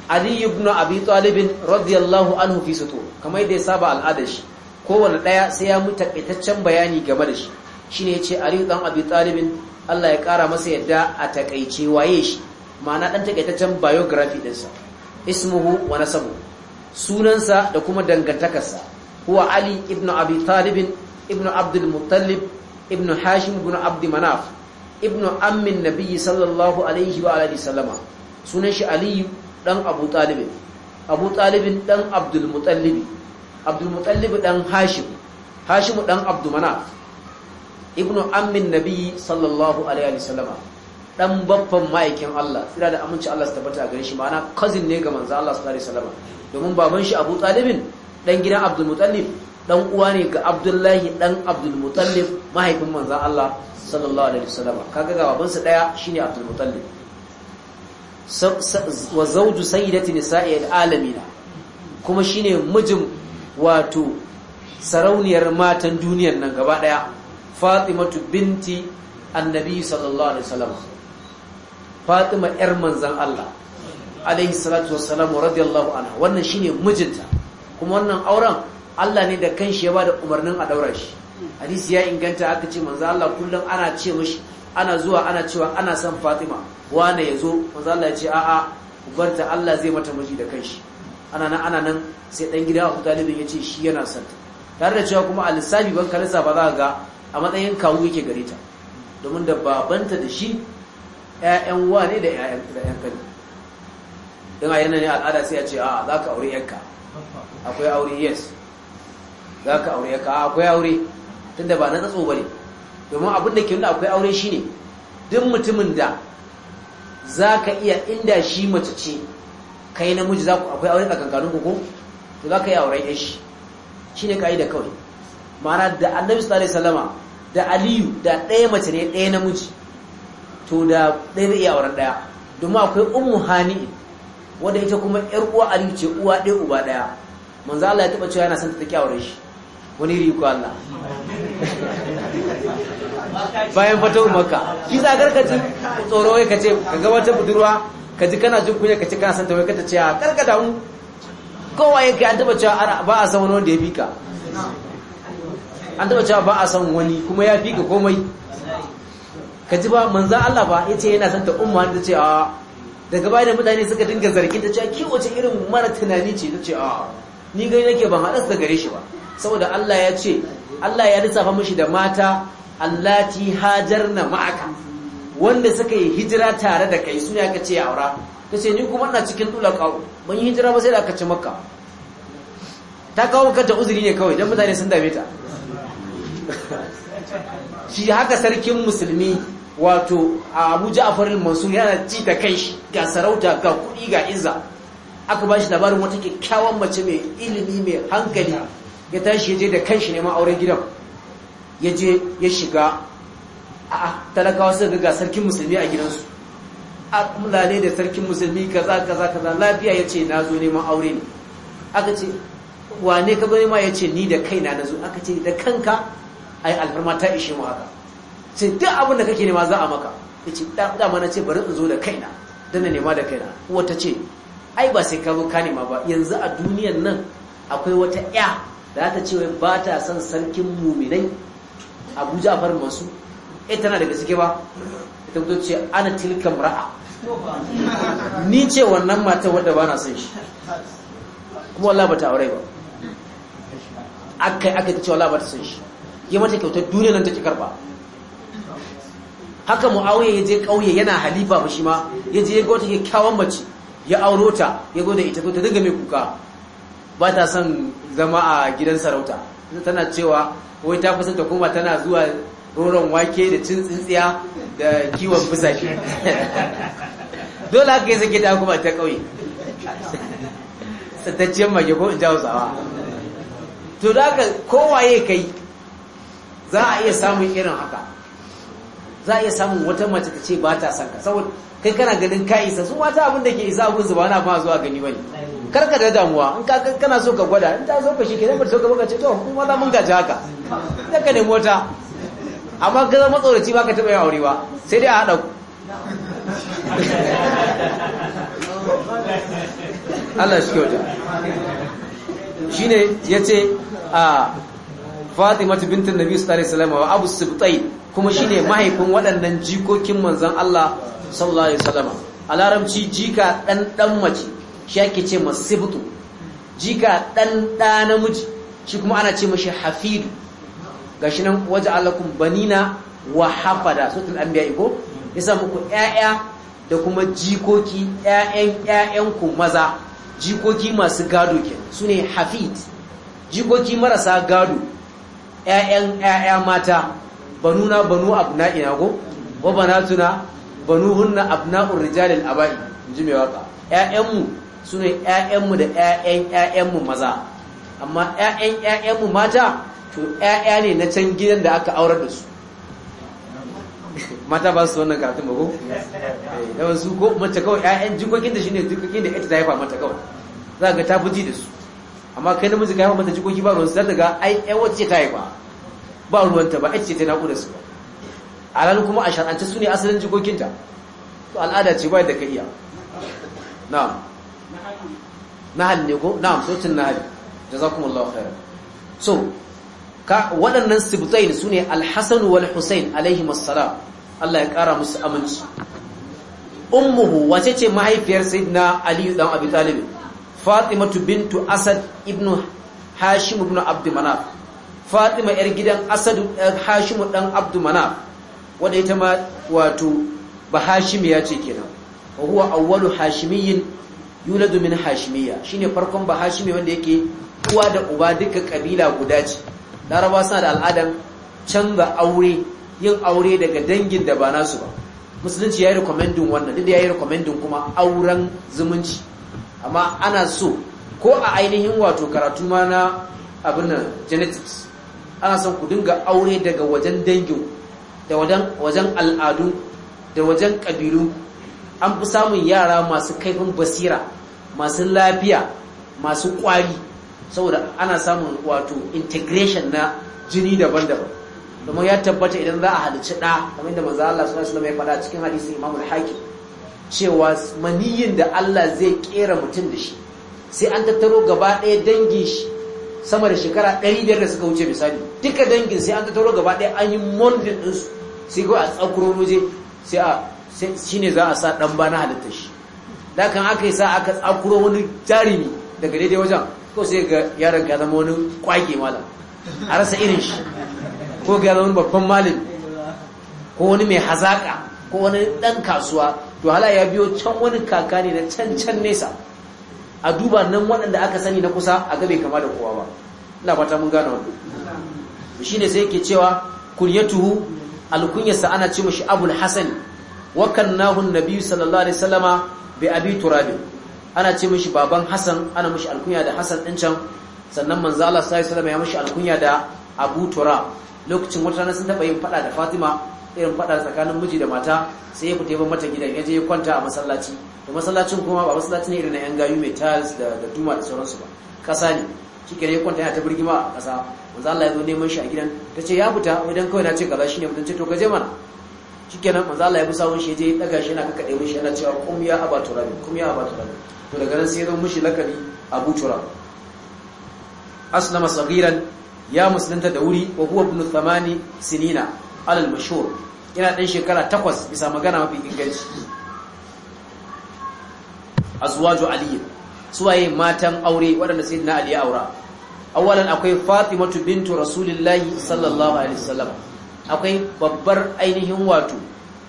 ali ibn abi talib radiyallahu anhu fi sutur kamar yadda ya saba shi. kowane ɗaya sai ya mutu taƙaitaccen bayani game da shi Shi shine ce Aliyu ɗan abu Talibin Allah ya ƙara masa yadda a taƙaice waye shi ma'ana ɗan taƙaitaccen biography ɗinsa ismuhu wa nasabu sunansa da kuma dangantakarsa huwa Ali ibn Abi talibin ibn Abdul Muttalib ibn Hashim ibn Abd Manaf ibn ammin nabiyyi sallallahu alaihi wa alihi sallama sunan shi Aliyu ɗan Abu talibin Abu talibin dan Abdul Muttalib abdulmutallib dan hashim hashim dan abdumana ibnu ammin nabi sallallahu alaihi wasallama dan babban ma'aikin Allah tsira da aminci Allah su tabbata a gare shi ma'ana cousin ne ga manzo Allah sallallahu alaihi wasallama domin baban shi Abu Talibin dan gidan Abdulmutallib dan uwa ne ga Abdullahi dan Abdulmutallib mahaifin manzo Allah sallallahu alaihi wasallama kaga ga babansa daya shine Abdulmutallib wa zawju sayyidati nisa'i al-alamin kuma shine mijin wato sarauniyar matan duniyar nan gaba daya fatimatu binti annabi sallallahu alaihi wasallam fatima yar manzan Allah alaihi salatu wassalam radiyallahu anha wannan shine mijinta kuma wannan auren Allah ne da kanshi ya bada umarnin a daura shi hadisi ya inganta aka ce manzo Allah kullum ana ce mishi ana zuwa ana cewa ana san Fatima wane yazo manzo Allah ya ce a'a barta Allah zai mata miji da kanshi ana nan ana nan sai dan gida Abu Talibin ya ce shi yana son ta tare da cewa kuma al-Sabi ban karisa ba za ga a matsayin kawu yake gare ta domin da babanta da shi ƴaƴan wane da ƴaƴan ƴan kani dan a yana ne al'ada sai a ce a za ka aure yanka akwai aure yes za ka aure yanka akwai aure tunda ba na tsatso bane domin abin da ke nuna akwai aure shine duk mutumin da za ka iya inda shi mace ce kai namiji za ku akwai aure tsakankanin ku ko to za ka yi auren yashi shi ne ka yi da kawai ma'ana da annabi sallallahu salama da aliyu da ɗaya mace ne ɗaya namiji to da ɗaya zai iya auren ɗaya domin akwai ummu hani wanda ita kuma yar uwa aliyu ce uwa ɗaya uba ɗaya manzo Allah ya taɓa cewa yana son ta take auren shi wani riko Allah bayan fatawar makka kisa garkacin tsoro ya kace ga wata budurwa ka ji kana jin kunya ka ci kana santa ta wai ka ta ce a ah, karkata mu kowa ya kai an taba cewa ba a san wani wanda ya fi ka an taba cewa ba a san wani kuma ya fi ka komai ka ji ba manzan Allah ba ya ce yana son umma ta ce a ah. daga baya da mutane suka dinga zargin ta ce a kiwace irin mara tunani ce ta ce a ah. ni gani nake ban haɗa da gare shi ba saboda Allah ya ce Allah ya lissafa mishi da mata allati hajarna ma'aka wanda suka yi hijira tare da kai suna aka ce aura ta ce ni kuma ina cikin tulaka ban yi hijira ba sai da aka ci maka ta kawo kanta uzuri ne kawai don mutane sun dame ta shi haka sarkin musulmi wato a abu a farin mansur yana ci da kai ga sarauta ga kuɗi ga izza aka ba shi labarin wata kyakkyawan mace mai ilimi mai hankali ya tashi ya je da kanshi neman auren gidan ya je ya shiga A'a, talakawa suka ga sarkin musulmi a gidansu a mulale da sarkin musulmi kaza kaza kaza lafiya ya ce na zo neman aure ne aka ce wane ka zo nema ya ce ni da kaina na zo aka ce da kanka a yi alfarma ta ishe mu haka sai duk abin da kake nema za a maka ya ce dama na ce bari in zo da kaina na. na nema da kaina wata ce ai ba sai ka zo ka nema ba yanzu a duniyan nan akwai wata ya da ta ce wai ba ta son sarkin muminai abuja farin masu eh tana daga gaske ba ita ta ce ana tilka ra'a ni ce wannan mata wadda ba na son shi kuma wallahi ba ta aure ba akai akai ta ce wallahi ba ta son shi ya mata kyautar duniya nan take karba haka muawiya ya je kauye yana halifa ba shi ma ya je ga wata kyakkyawan mace ya auro ta ya gode ita ko ta dinga mai kuka ba ta son zama a gidan sarauta tana cewa wai ta fasanta kuma koma tana zuwa roron wake da cin tsintsiya da kiwon fusaki dole aka yi sake ta ta ƙauye tsattacciyar mage ko in jawo zawa to da aka kowaye kai za a iya samun irin haka za a iya samun wata mace ta ce ba ta son ka saboda kai kana ganin ka isa su mata abin da ke isa abin zuba na ba zuwa gani bane karka da damuwa in ka kana so ka gwada in ta zo ka shi ke zan bar so ka baka ce to kuma za mun gaji haka da ka nemi wata amma ka zama tsoraci ba ka taɓa yin aure ba sai dai a haɗa ku Allah shi kyauta shi ne ya ce a fatima bintin nabi su tare salama wa abu tsaye kuma shi ne mahaifin waɗannan jikokin manzan Allah sallallahu alaihi salama a jika ɗan ɗan mace shi ake ce masibtu jika ɗan ɗa namiji shi kuma ana ce mashi hafidu gashi nan waje alakun banina wa hafada tun anbiya iko ya muku ƴaƴa da kuma jikoki ƴaƴan ƴaƴanku maza jikoki masu gado ke sune hafid jikoki marasa gado ƴaƴan ƴaƴa mata banuna banu ina ko wa banatuna banuhunna abna'ur rijalil abai inji mai waka ƴaƴanmu sune ƴaƴanmu da ƴaƴan ƴaƴanmu maza amma ƴaƴan ƴaƴanmu mata to ƴaƴa ne na can gidan da aka aurar da su mata ba su wannan karatun mako eh, da wasu ko mace kawai ƴaƴan jikokin da shine jikokin da ita ta haifa mata kawai za ga ta fuji da su amma kai namiji ka haifa mata jikoki ba ruwan su za ga ai ƴan wacce ta haifa ba ruwan ta ba ita ce ta naku da su ba alal kuma a shar'ance su ne asalin jikokin ta to al'ada ce ba da ka iya na'am nahal ne ko na'am sautin nahal jazakumullahu khairan so waɗannan sibtain su ne alhassan wal husain alaihi Allah ya ƙara musu aminci ummuhu wace ce mahaifiyar sayyidina aliyu Ɗan abi talib fatimatu bintu asad Ibn hashim ibn abd fatima yar gidan asad hashim dan abd manaf wanda ita ma wato ba hashimiya ce kenan wa huwa awwalu hashimiyyin yuladu min hashimiya shine farkon ba hashimi wanda yake uwa da uba duka kabila guda ce laraba suna da al'adar canza aure yin aure daga dangin da ba nasu ba musulunci ya yi rekomendin wannan duk da ya yi rekomendin kuma auren zumunci amma ana so ko a ainihin wato karatu ma na abin nan genetics ana son ku dinga aure daga wajen dangin da wajen al'adu da wajen ƙabilu an fi samun yara masu kaifin basira masu lafiya masu ƙwari saboda ana samun wato integration na jini daban-daban domin ya tabbata idan za a halicci ɗa kamar da manzo Allah sallallahu alaihi ya faɗa cikin hadisin Imam al-Hakim cewa maniyin da Allah zai kera mutum da shi sai an tattaro gaba ɗaya dangin shi sama da shekara 100 da suka wuce misali duka dangin sai an tattaro gaba ɗaya an yi molding din su sai go a tsakuro waje sai a shine za a sa dan na halitta shi da kan aka yi sa aka tsakuro wani jarimi daga daidai wajen ko sai ga yaron ga zama wani kwage malam a rasa irin shi ko ga zama babban malin ko wani mai hazaka ko wani dan kasuwa to hala ya biyo can wani kaka ne na can can nesa a duba nan waɗanda aka sani na kusa a gabe kama da kowa ba ina fata mun gane wannan ne sai yake cewa kunyatuhu alkunyarsa ana ce mashi abul hasani nahun nabiyyu sallallahu alaihi wasallama bi abi turabi ana ce mishi baban Hassan ana mishi alkunya da Hassan din can sannan manzo Allah sallallahu alaihi wasallam ya mishi alkunya da Abu Turab lokacin wata rana sun taba yin fada da Fatima irin fada tsakanin miji da mata sai ya fita ban mata gidan ya je ya kwanta a masallaci to masallacin kuma ba masallaci ne irin na yan gayu mai tiles da da duma da sauransu ba kasa ne shike ya kwanta yana ta birgima a kasa manzo Allah ya zo neman shi a gidan tace ya fita idan kawai na ce kaza shine mutunce to ka je mana shikenan manzo Allah ya bi sawun shi je daga shi yana kakkade mishi yana cewa kum ya abatu kum ya abatu to daga nan sai ya zo mushi lakabi abu turab aslama sagiran ya musulunta da wuri wa huwa ibn thamani sinina alal mashhur ina dan shekara takwas bisa magana mafi inganci azwaju ali suwaye matan aure waɗanda sayyidina ali ya aura awalan akwai fatimatu bintu rasulillahi sallallahu alaihi wasallam akwai babbar ainihin wato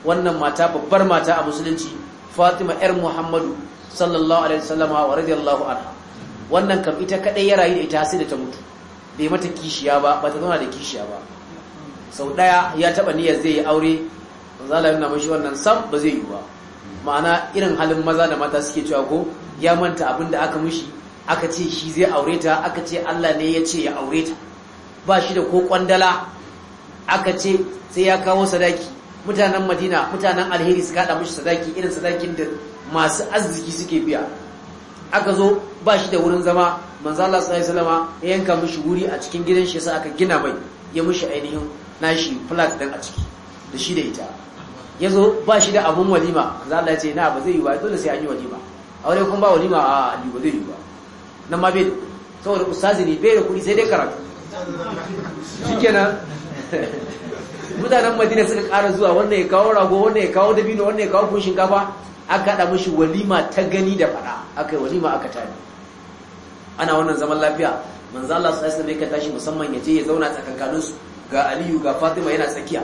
wannan mata babbar mata a musulunci fatima yar muhammadu sallallahu alaihi wasallam wa radiyallahu anha wannan kam ita kadai ya rayu da ita sai da ta mutu bai mata kishiya ba ba ta zama da kishiya ba sau daya ya taba niyyar zai yi aure zalla yana mashi wannan sam ba zai yi ba ma'ana irin halin maza da mata suke cewa ko ya manta abin da aka mishi aka ce shi zai aure ta aka ce Allah ne ya ce ya aure ta ba shi da ko kwandala aka ce sai ya kawo sadaki mutanen madina mutanen alheri su kada mushi sadaki irin sadakin da masu arziki suke biya aka zo ba shi da wurin zama manzala su salama ya yanka mushi wuri a cikin gidan shi sa aka gina mai ya mushi ainihin nashi flat din a ciki da shi da ita ya zo ba shi da abun walima manzala ya ce na ba zai yi ba dole sai an yi walima a wani kuma ba walima a ali ba zai yi ba nan ma bai saboda ustazi ne bai da kuɗi sai dai karatu shikenan mutanen madina suka kara zuwa wannan ya kawo rago wannan ya kawo dabino wannan ya kawo kun shinkafa aka haɗa mashi walima ta gani da faɗa aka yi walima aka tare ana wannan zaman lafiya manzo Allah sallallahu alaihi wasallam ya tashi musamman ya je ya zauna tsakankanin su ga Aliyu ga Fatima yana tsakiya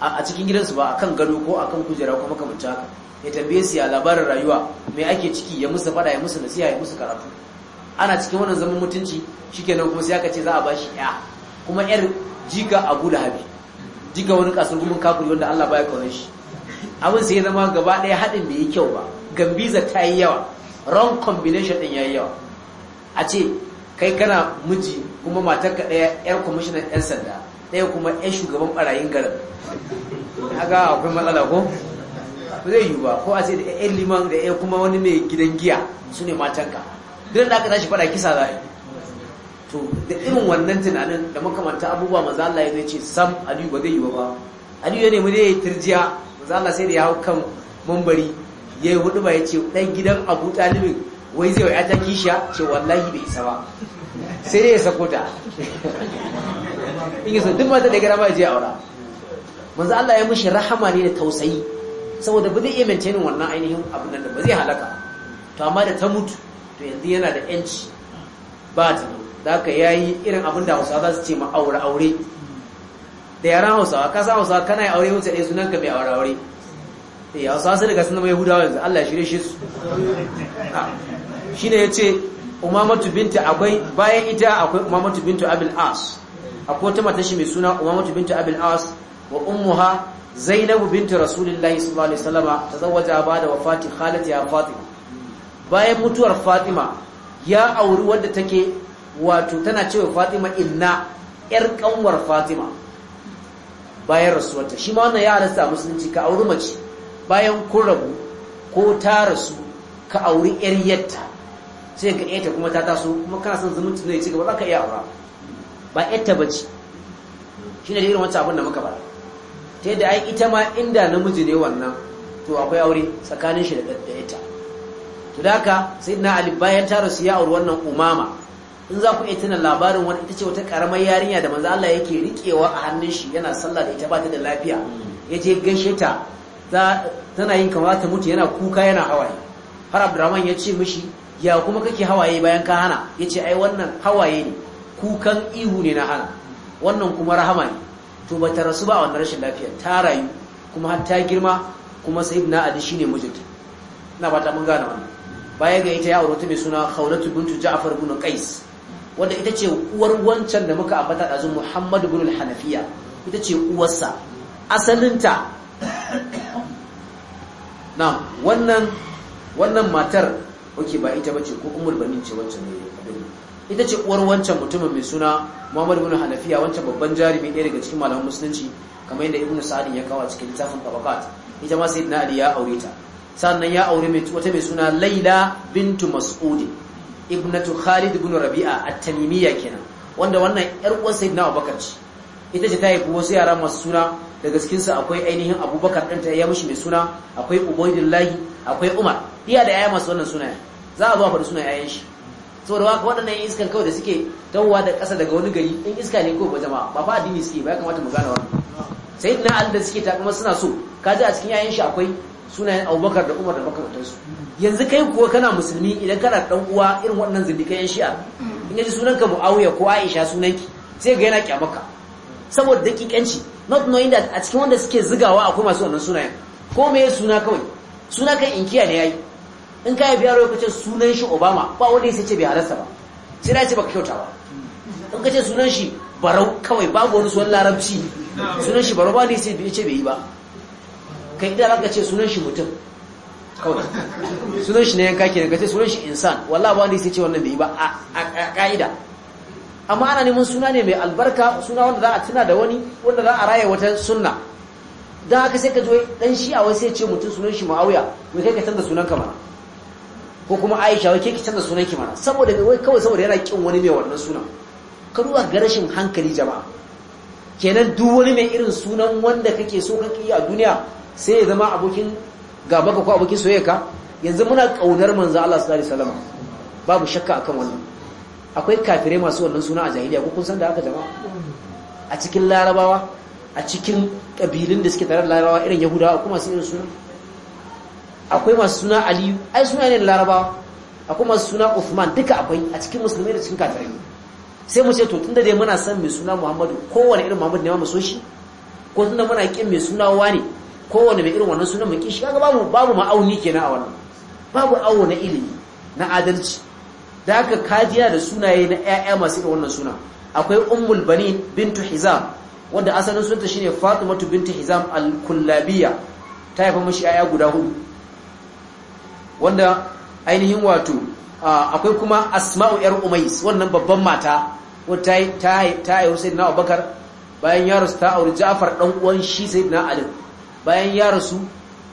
a cikin gidansu ba akan gado ko akan kujera ko makamancin haka ya tambaye su ya labarin rayuwa me ake ciki ya musu faɗa ya musu nasiha ya musu karatu ana cikin wannan zaman mutunci shikenan kuma sai aka ce za a bashi ya kuma yar jika Abu Lahabi jiga wani gumin kakuri wanda Allah baya kaunar shi abin sai ya zama gaba ɗaya haɗin bai yi kyau ba gambiza ta yi yawa wrong combination ɗin ya yi yawa a ce kai kana miji kuma ka ɗaya yar kwamishinan 'yan sanda ɗaya kuma 'yan shugaban ɓarayin garin aga akwai matsala ko ba zai yi ba ko a ce da 'yan liman da 'yan kuma wani mai gidan giya su ne ka duk da aka tashi faɗa kisa za a yi to da irin wannan tunanin da makamanta abubuwa maza Allah ya zai ce sam aliyu ba zai yi ba aliyu ya nemi dai turjiya maza Allah sai da ya hau kan mambari ya yi hudu ba ya ce ɗan gidan abu ɗalibin wai zai ya ta kisha ce wallahi bai isa ba sai dai ya sako ta in yi so duk mata da gara ba ya je aura maza Allah ya mushi rahama ne da tausayi saboda ba zai iya maintaining wannan ainihin nan da ba zai halaka to amma da ta mutu to yanzu yana da yanci ba ta da ka ya yi irin abin da hausawa za su ce ma aure da yaran hausawa ka hausawa kana yi aure wuce ɗaya sunan ka mai aure aure eh hausawa sun daga sunan mai hudawa yanzu allah shirye shi su ne ya ce umamatu binta akwai bayan ita akwai umamatu bintu abin as akwai wata matashi mai suna umamatu bintu abin as wa ummuha zainabu bintu rasulillahi sallallahu alaihi ta tazawwaja ba da wafati ya fatima bayan mutuwar fatima ya auri wadda take wato tana cewa fatima inna yar kanwar fatima bayan rasuwarta shi ma wannan ya rasa musulunci ka auri mace bayan kun rabu ko ta rasu ka auri yar yatta sai ka yatta kuma ta taso kuma kana son zumunci ne ci gaba za ka iya aura ba yatta ba ce shi ne irin wancan abin da muka bara ta yadda ai ita ma inda namiji ne wannan to akwai aure tsakanin shi da yatta to da haka sai na ali bayan ta rasu ya auri wannan umama in za ku iya tuna labarin wani ita ce wata karamar yarinya da manzo Allah yake rikewa a hannun shi yana sallah da ita ba ta da lafiya ya je gaishe ta tana yin kamar ta mutu yana kuka yana hawaye har Abdurrahman ya ce mishi ya kuma kake hawaye bayan ka hana ya ce ai wannan hawaye ne kukan ihu ne na hana wannan kuma rahama ne to ba ta rasu ba a wannan rashin lafiya ta rayu kuma har ta girma kuma ibn Ali shine mijinta ina ba ta mun gane wannan baya ga ita ya aure ta mai suna Khawlatu bintu Ja'far bin Qais wanda ita ce uwar wancan da muka ambata ɗazu Muhammadu bin al-Hanafiya ita ce uwarsa asalinta na wannan wannan matar oke ba ita bace ko umar banin ce wancan ne abin ita ce uwar wancan mutumin mai suna Muhammadu bin al-Hanafiya wancan babban jarumi ɗaya daga cikin malamun musulunci kamar yadda Ibn Sa'adin ya kawo cikin littafin Tabakat, ita ma Sayyidina Ali ya aure ta sannan ya aure wata mai suna Laila bintu Mas'udi. ibnatu Khalid ibn Rabi'a at-Tamimiyya kenan wanda wannan yar uwar Sayyidina Abubakar ce ita ce ta haifi wasu yara masu suna da cikin su akwai ainihin Abubakar ta ya mishi mai suna akwai Ubaidillahi akwai Umar iya da yaya masu wannan suna za a zo a faɗi suna yayan shi saboda haka waɗannan yan iskan kawai da suke tawowa da ƙasa daga wani gari in iska ne kawai ba jama'a ba fa addini suke ba ya kamata mu gane wannan sayyidina Ali da suke takama suna so ka ji a cikin yayan shi akwai sunayen abubakar da umar da makamantarsu yanzu kai kuwa kana musulmi idan kana dan uwa irin waɗannan zindikan yan shi'a in yaji ka muawiya ko aisha sunanki sai ga yana kyamaka saboda dakikanci not knowing that a cikin wanda suke zigawa akwai masu wannan sunayen ko me suna kawai suna kan inkiya ne yayi in ka haifi yaro kace sunan shi obama ba wanda ya ce bai halarsa ba sai na ce baka kyauta ba in ce sunan shi barau kawai babu wani sunan larabci sunan shi barau ba ne ya ce bai yi ba kai da aka ce sunan shi mutum kawai sunan shi ne yanka ke daga ce sunan shi insan wallah ba wanda ya ce wannan bai ba a ka'ida amma ana neman suna ne mai albarka suna wanda za a tuna da wani wanda za a raye wata sunna dan haka sai ka zo dan shi a wasu sai ce mutum sunan shi ma'auya mai kai ka canza sunan ka mana ko kuma aisha wai ka ki canza sunan ki mana saboda wai kawai saboda yana kin wani mai wannan sunan ka ruwa ga rashin hankali jama'a kenan duk wani mai irin sunan wanda kake so kake yi a duniya sai ya zama abokin gaba ka ko abokin soyayya ka yanzu muna kaunar manzo Allah sallallahu alaihi wasallam babu shakka akan wannan akwai kafire masu wannan suna a jahiliya ko kun san da haka jama'a a cikin larabawa a cikin kabilun da suke tare da larabawa irin yahudawa kuma su irin suna akwai masu suna aliyu ai suna ne larabawa akwai masu suna uthman duka akwai a cikin musulmai da cikin kafirai sai mu ce to tunda dai muna san mai suna muhammadu kowane irin muhammadu ne ma mu so shi ko tunda muna kin mai suna wani kowane mai irin wannan sunan mai kishi kaga babu babu ma'auni kenan a wannan babu awo na ilimi na adalci da haka kajiya da sunaye na ƴaƴa masu irin wannan suna akwai ummul banin bintu hizam wanda asalin sunanta shine fatimatu bintu hizam al-kullabiyya ta haifa mishi ƴaƴa guda hudu wanda ainihin wato akwai kuma asma'u yar umais wannan babban mata wanda ta ta ta Abubakar bayan yaro ta auri Ja'far dan uwan shi sayyidina Ali bayan ya rasu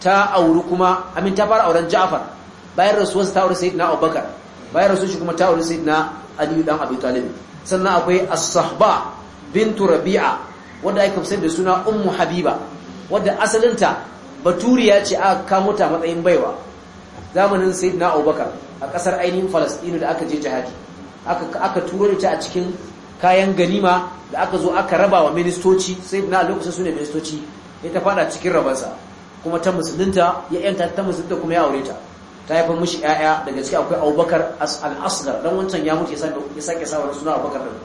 ta auri kuma amin ta fara auren Ja'far bayan rasu wasu ta auri na Abubakar bayan rasu shi kuma ta auri na aliyu dan abu Talib sannan akwai As-Sahba bintu Rabi'a wadda ake kusa da suna Ummu Habiba wadda asalinta baturiya ce aka kamo ta matsayin baiwa zamanin na Abubakar a kasar ainihin Falastinu da aka je jihadi aka aka turo ta a cikin kayan ganima da aka zo aka raba wa ministoci sai na lokacin su ne ministoci ya ta fada cikin rabansa kuma ta musulunta ya yanta ta musulunta kuma ya aure ta ta haifa mishi yaya daga ciki akwai abubakar al-asghar dan wancan ya mutu ya sake sawar suna abubakar din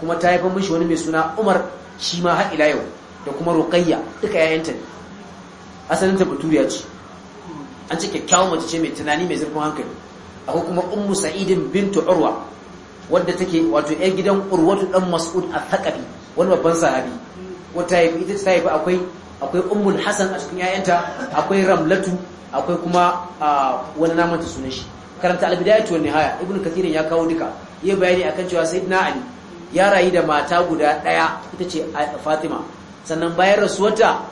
kuma ta haifa mishi wani mai suna umar shi ma har ila yau da kuma ruqayya duka yayanta ne asalin ta baturiya ce an ce kyakkyawan mace ce mai tunani mai zurfin hankali akwai kuma ummu sa'idin bintu urwa wadda take wato 'yar gidan urwatu dan mas'ud al-thaqafi wani babban sahabi wata haifi ita ta haifi akwai akwai ummul hasan a cikin yayanta akwai ramlatu akwai kuma wani namanta sunan shi karanta albidayat wa nihaya ibn kathir ya kawo duka yayi bayani akan cewa sayyidina ali ya rayu da mata guda daya ita ce fatima sannan bayan rasuwarta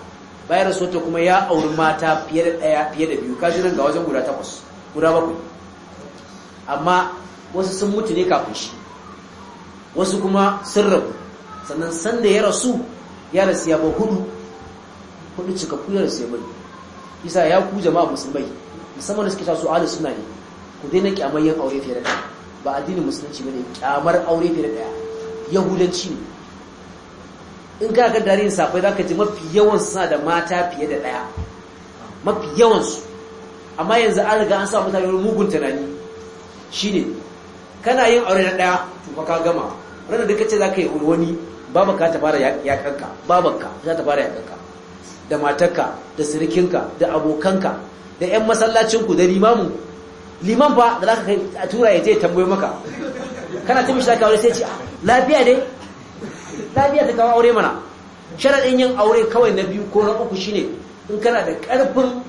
bayan rasuwarta kuma ya auri mata fiye da daya fiye da biyu kaji nan ga wajen guda takwas guda bakwai amma wasu sun mutu ne kafin shi wasu kuma sun rabu sannan sanda ya rasu ya rasu ya ba hudu hudu cikakku ya rasu ya bari isa ya ku jama'a musulmai musamman da suke su ala suna ne ku daina kyamar yin aure fiye da ɗaya ba addinin musulunci ne, kyamar aure fiye da ɗaya yahudanci ne in ka ga darin safai za ka ji mafi yawan suna da mata fiye da ɗaya mafi yawan su amma yanzu an riga an sa mutane mugun tunani shine kana yin aure da ɗaya to fa ka gama ranar da kace ka yi wani babanka ta fara yakanka babanka za ta fara yakanka da matarka da sirikinka da abokanka da ƴan masallacinku da limamu liman fa da zaka kai a tura ya je tambaye maka kana shi mishi kawai sai ce ah, lafiya ne lafiya ta kawo aure mana sharaɗin yin aure kawai na biyu ko na uku shine in kana da ƙarfin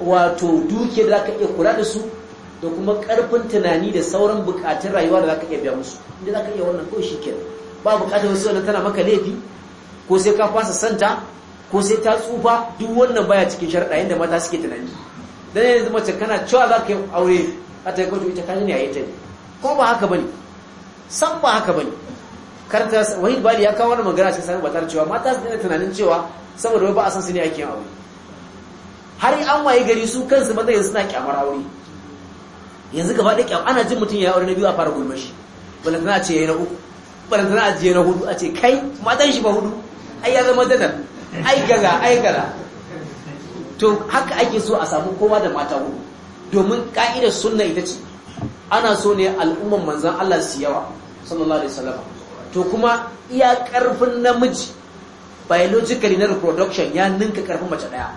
wato duke da zaka iya kula da su da kuma ƙarfin tunani da sauran buƙatun rayuwa da zaka iya biya musu inda zaka iya wannan ko shi kenan ba bukatar wasu wannan tana maka laifi ko sai ka fasa santa ko sai ta tsufa duk wannan baya cikin sharɗa yadda mata suke tunani dan yanzu mace kana cewa za ka yi aure a ta kawo ita kaji ne a yi ta ne ko ba haka ba ne, san ba haka ba ne karta wahid bali ya kawo wani magana cikin sanin batar cewa mata su ne tunanin cewa saboda wai ba a san su ne ake yin aure har an waye gari su kansu yanzu suna kyamar aure yanzu gaba da ana jin mutum ya yi aure na biyu a fara gulmashi balantana ce ya yi na uku barazana a jiye na hudu a ce kai matan shi ba hudu ai ya zama danar ai gaza ai gaza to haka ake so a samu kowa da mata hudu domin ka'idar sunna ita ce ana so ne al'umman manzan Allah su yawa sallallahu alaihi wasallam to kuma iya karfin namiji biologically na reproduction ya ninka karfin mace daya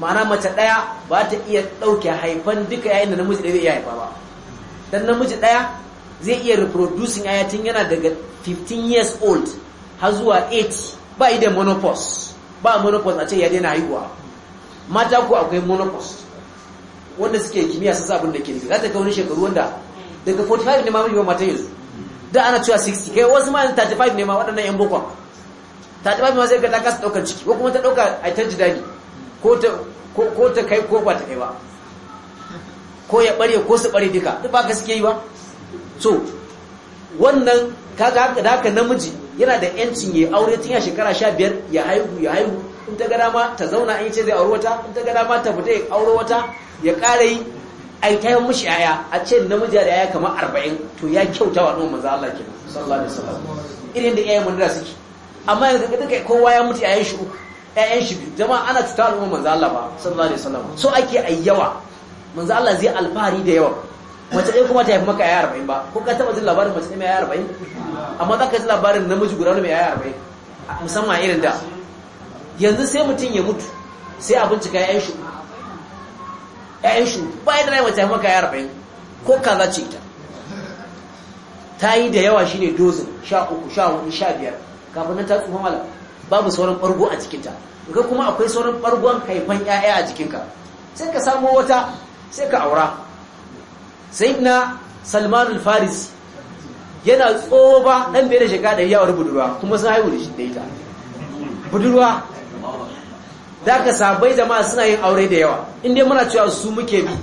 ma'ana mace daya ba ta iya dauke haifan duka yayin da namiji da zai iya haifa ba dan namiji daya zai iya reproducing ayatin yana daga 15 years old har zuwa 80 ba yi da monopause ba monopause a ce ya daina haihuwa mata ku akwai monopause wanda suke kimiyya sun abin da ke nufi za ta kai wani shekaru wanda daga 45 ne ma mafi mata yanzu da ana cewa 60 kai wasu ma 35 ne ma waɗannan yan bokon 35 ma zai ga ta kasa ɗaukar ciki ko kuma ta ɗauka a ta ji daɗi ko ta kai ko ba ta kai ba ko ya ɓare ko su ɓare duka duk ba ka suke yi ba so wannan kaga da haka namiji yana da yancin ya aure tun ya shekara sha biyar ya haihu ya haihu in ta gada ma ta zauna an yi ce zai aure wata in ta gada ma ta fita ya auri wata ya ƙara yi a ta yi mushi yaya a ce namiji da yaya kamar arba'in to ya kyauta wa ɗan maza Allah ke sallallahu alaihi wasallam irin da yayan manira suke amma yanzu ka duka kowa ya mutu yayan shi uku yayan shi biyu jama'a ana tuta al'umma manzo Allah ba sallallahu alaihi wasallam so ake ayyawa manzo Allah zai alfahari da yawa mace ɗaya kuma ta haifi maka yaya 40 ba ko ka taɓa jin labarin mace ɗaya mai yaya 40 amma za ka ji labarin namiji guda mai yaya 40 musamman a irin da yanzu sai mutum ya mutu sai a bincika ya shi ya shi ba yadda rai mace maka yaya 40 ko kaza ce ta? ta yi da yawa shine dozin sha uku sha hudu sha biyar kafin nan ta tsufa mala babu sauran ɓargo a jikinta ga kuma akwai sauran ɓargon haifan ƴaƴa a jikinka sai ka samo wata sai ka aura sayyidina salman al faris yana tsoba dan bai da shekara ɗari yawar budurwa kuma sun haihu da shi da ita budurwa da ka sabai jama'a suna yin aure da yawa inda muna cewa su muke bi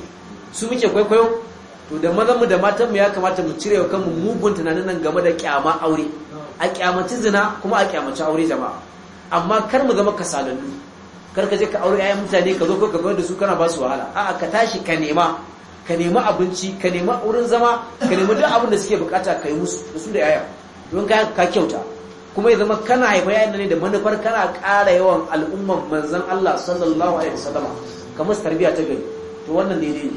su muke kwaikwayo to da mazanmu da matanmu ya kamata mu cire wa kanmu mugun tunanin nan game da kyama aure a kyamaci zina kuma a kyamaci aure jama'a amma kar mu zama kasalannu kar ka je ka aure 'ya'yan mutane ka zo ko ka da su kana ba su wahala a'a ka tashi ka nema ka nemi abinci ka nemi wurin zama ka nemi duk abin da suke bukata ka yi musu da su da yaya don ka ka kyauta kuma ya zama kana haifa yayin ne da manufar kana ƙara yawan al'umman manzon Allah sallallahu alaihi wasallam kamar tarbiyya ta gari to wannan ne ne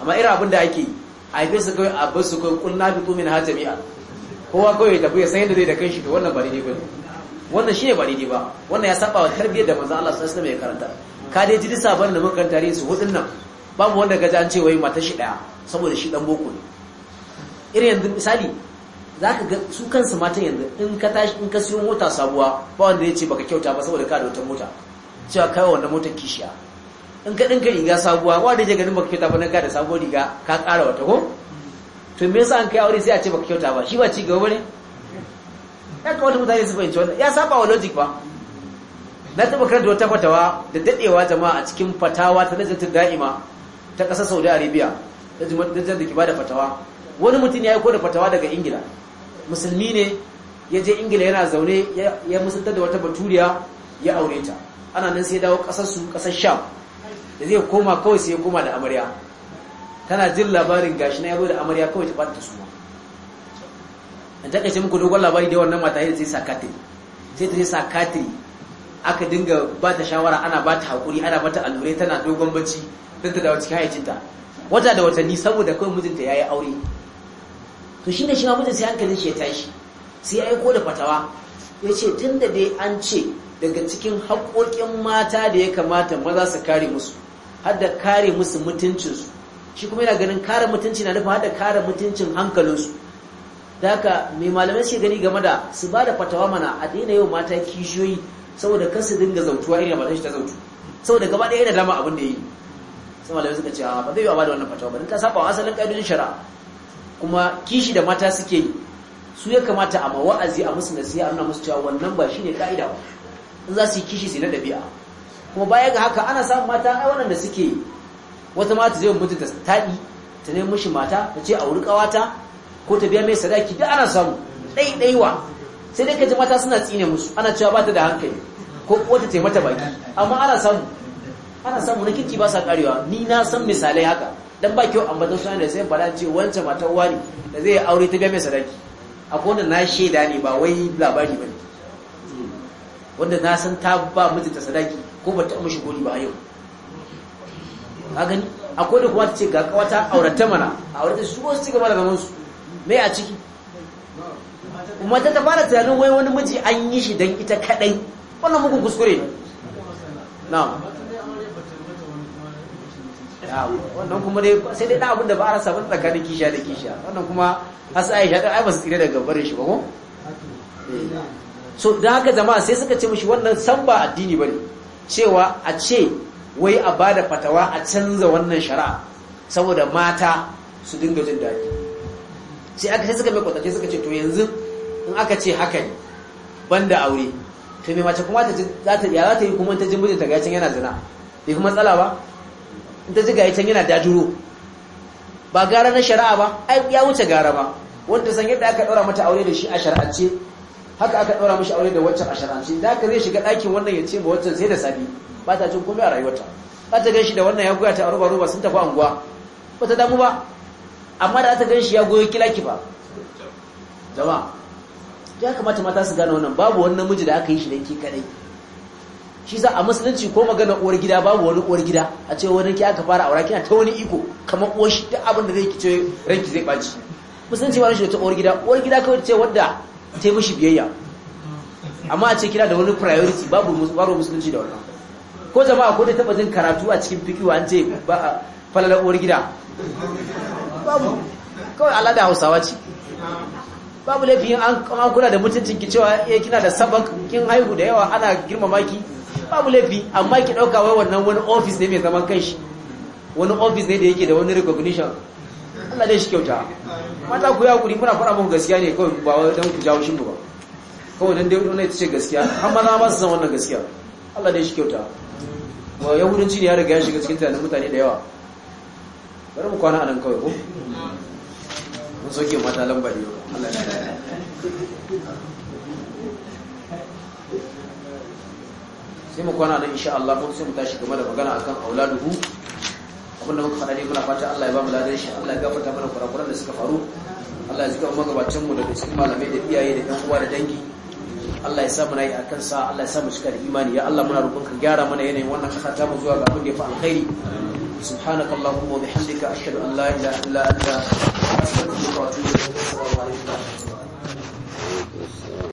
amma irin abin da ake haife su kai a bar su kai kulna fitu min hatami'a kowa kawai tafi ya san yadda zai da kanshi to wannan ba daidai ba wannan shine ba daidai ba wannan ya saba wa tarbiyyar da manzon Allah sallallahu alaihi wasallam ya karanta ka dai ji disa ban da mun karanta su hudun nan babu wanda gaji an ce wai mata shi daya saboda shi dan boko ne irin yanzu misali za ka ga su kansu matan yanzu in ka tashi in ka siyo mota sabuwa ba wanda ya ce baka kyauta ba saboda ka da wata mota cewa kai wanda motar kishiya in ka dinka riga sabuwa da ya ganin baka kyauta ba na ka da sabuwar riga ka ƙara wata ko to me yasa an kai aure sai a ce baka kyauta ba shi ba ci gaba ne ya wata mutane su fahimci wannan ya saba wa logic ba na taɓa karanta wata fatawa da daɗewa jama'a a cikin fatawa ta najatul da'ima ta ƙasar saudi arabia da jimar da ke ba da fatawa wani mutum ya yi da fatawa daga ingila musulmi ne ya je ingila yana zaune ya musulta da wata baturiya ya aure ta ana nan sai dawo ƙasarsu ƙasar sham da zai koma kawai sai ya koma da amarya tana jin labarin gashi na yabo da amarya kawai ta bata suma an ta kace muku dogon labari da wannan mata yadda sai sakatiri sai ta sa katiri aka dinga ba ta shawara ana ba ta haƙuri ana ba ta allurai tana dogon bacci don ta dawo cikin hayacinta wata da watanni saboda kawai mijinta ya yi aure to shi ne shi ma mijin sai hankalin shi ya tashi sai ya aiko da fatawa yace ce tun da dai an ce daga cikin haƙoƙin mata da ya kamata maza su kare musu har da kare musu mutuncinsu shi kuma yana ganin kare mutunci na nufin har da kare mutuncin hankalinsu da haka mai malamai suke gani game da su ba da fatawa mana a daina yau mata kishiyoyi saboda kan su dinga zautuwa irin matan shi ta zautu saboda gaba ɗaya da dama abin da ya yi sun malamai suka ce ba zai yi ba da wannan fatawa ba ta saba wa asalin ƙa'idodin shari'a kuma kishi da mata suke yi su ya kamata a mawa'azi a musu siya ana musu cewa wannan ba ne ka'ida ba in za su yi kishi su na ɗabi'a kuma baya ga haka ana samun mata ai da suke wata mata zai mutu ta taɗi ta nemi mishi mata ta ce a wuri ƙawata ko ta biya mai sadaki duk ana samu ɗaiɗaiwa sai dai ka ji mata suna tsine musu ana cewa ba ta da hankali ko wata taimata baki amma ana samu ana samun rikici kirki ba sa karewa ni na san misalai haka dan ba kyau ambatan sunan da sai fara ce wancan mata wani da zai aure ta biya mai sadaki akwai wanda na shaida ne ba wai labari ba wanda na san ta ba mijinta sadaki ko ba ta mishi goli ba a yau ka gani akwai da kuma ta ce ga kawata aurata mana aurata su wasu cigaba da zaman su mai a ciki kuma ta fara tunanin wai wani miji an yi shi dan ita kadai wannan mugun kuskure na wannan kuma dai sai dai na abin da ba a rasa ba tsakanin kisha da kisha wannan kuma hasa aisha da ai ba su tsire daga barin shi ba ko eh. so da haka jama'a sai suka ce mishi wannan san ba addini bane cewa a ce wai a bada fatawa a canza wannan shari'a saboda mata su dinga jin daɗi sai aka sai suka mai kwatance suka ce to yanzu in aka ce haka ne banda aure to mai mace kuma ta za ta ya yi kuma ta jin mijinta ga yana zina bai kuma matsala ba in ta ziga ita yana dajuro ba gara na shari'a ba ai ya wuce gara ba wanda san yadda aka daura mata aure da shi a shari'ance haka aka daura mishi aure da waccan a shari'ance da aka zai shiga ɗakin wannan ya ce ma waccan sai da sabi ba ta jin komai a rayuwarta ba ta gan shi da wannan ya goya ta roba roba sun tafi anguwa ba ta damu ba amma da ta gan shi ya goyo kilaki ba jama'a ya kamata mata su gane wannan babu wani namiji da aka yi shi da ke kadai shi za a musulunci ko magana uwar gida babu wani uwar gida a ce wani ki aka fara aura kina ta wani iko kamar uwar shi duk abin da zai ki ce ranki zai baci musulunci ba shi ta uwar gida uwar gida kawai ce wadda ta yi mishi biyayya amma a ce kina da wani priority babu babu musulunci da wannan ko jama'a ko da taba jin karatu a cikin fiqh an ce ba falalar uwar gida babu kawai da Hausawa ce babu laifin an kula da mutuncin ki cewa eh, kina da sabak kin haihu da yawa ana girmama ki babu laifi amma ki dauka wai wannan wani office ne mai zaman kanshi wani office ne da yake da wani recognition Allah dai shi kyauta mata ku ya kuri muna fara mun gaskiya ne kawai ba wai dan ku jawo shi ba kawai dan dai wannan ita ce gaskiya amma na ba su san wannan gaskiya Allah dai shi kyauta wa yahudanci ne ya riga ya shiga cikin tunanin mutane da yawa bari mu kwana anan kawai ko mun soke mata lambar yau Allah ya sai mu kwana nan insha Allah mun sai mu tashi game da magana akan auladuhu abin da muka faɗa ne muna fata Allah ya ba mu ladan shi Allah ya gafarta mana kurakuran da suka faru Allah ya zika mu magabacin mu da cikin malamai da iyaye da ɗan uwa da dangi Allah ya sa mu nayi akan sa Allah ya sa mu cika da imani ya Allah muna roƙon ka gyara mana yanayin wannan kasa ta mu zuwa ga abin da ya fi alkhairi subhanakallahumma wa bihamdika ashhadu an la ilaha illa anta astaghfiruka wa atubu ilayk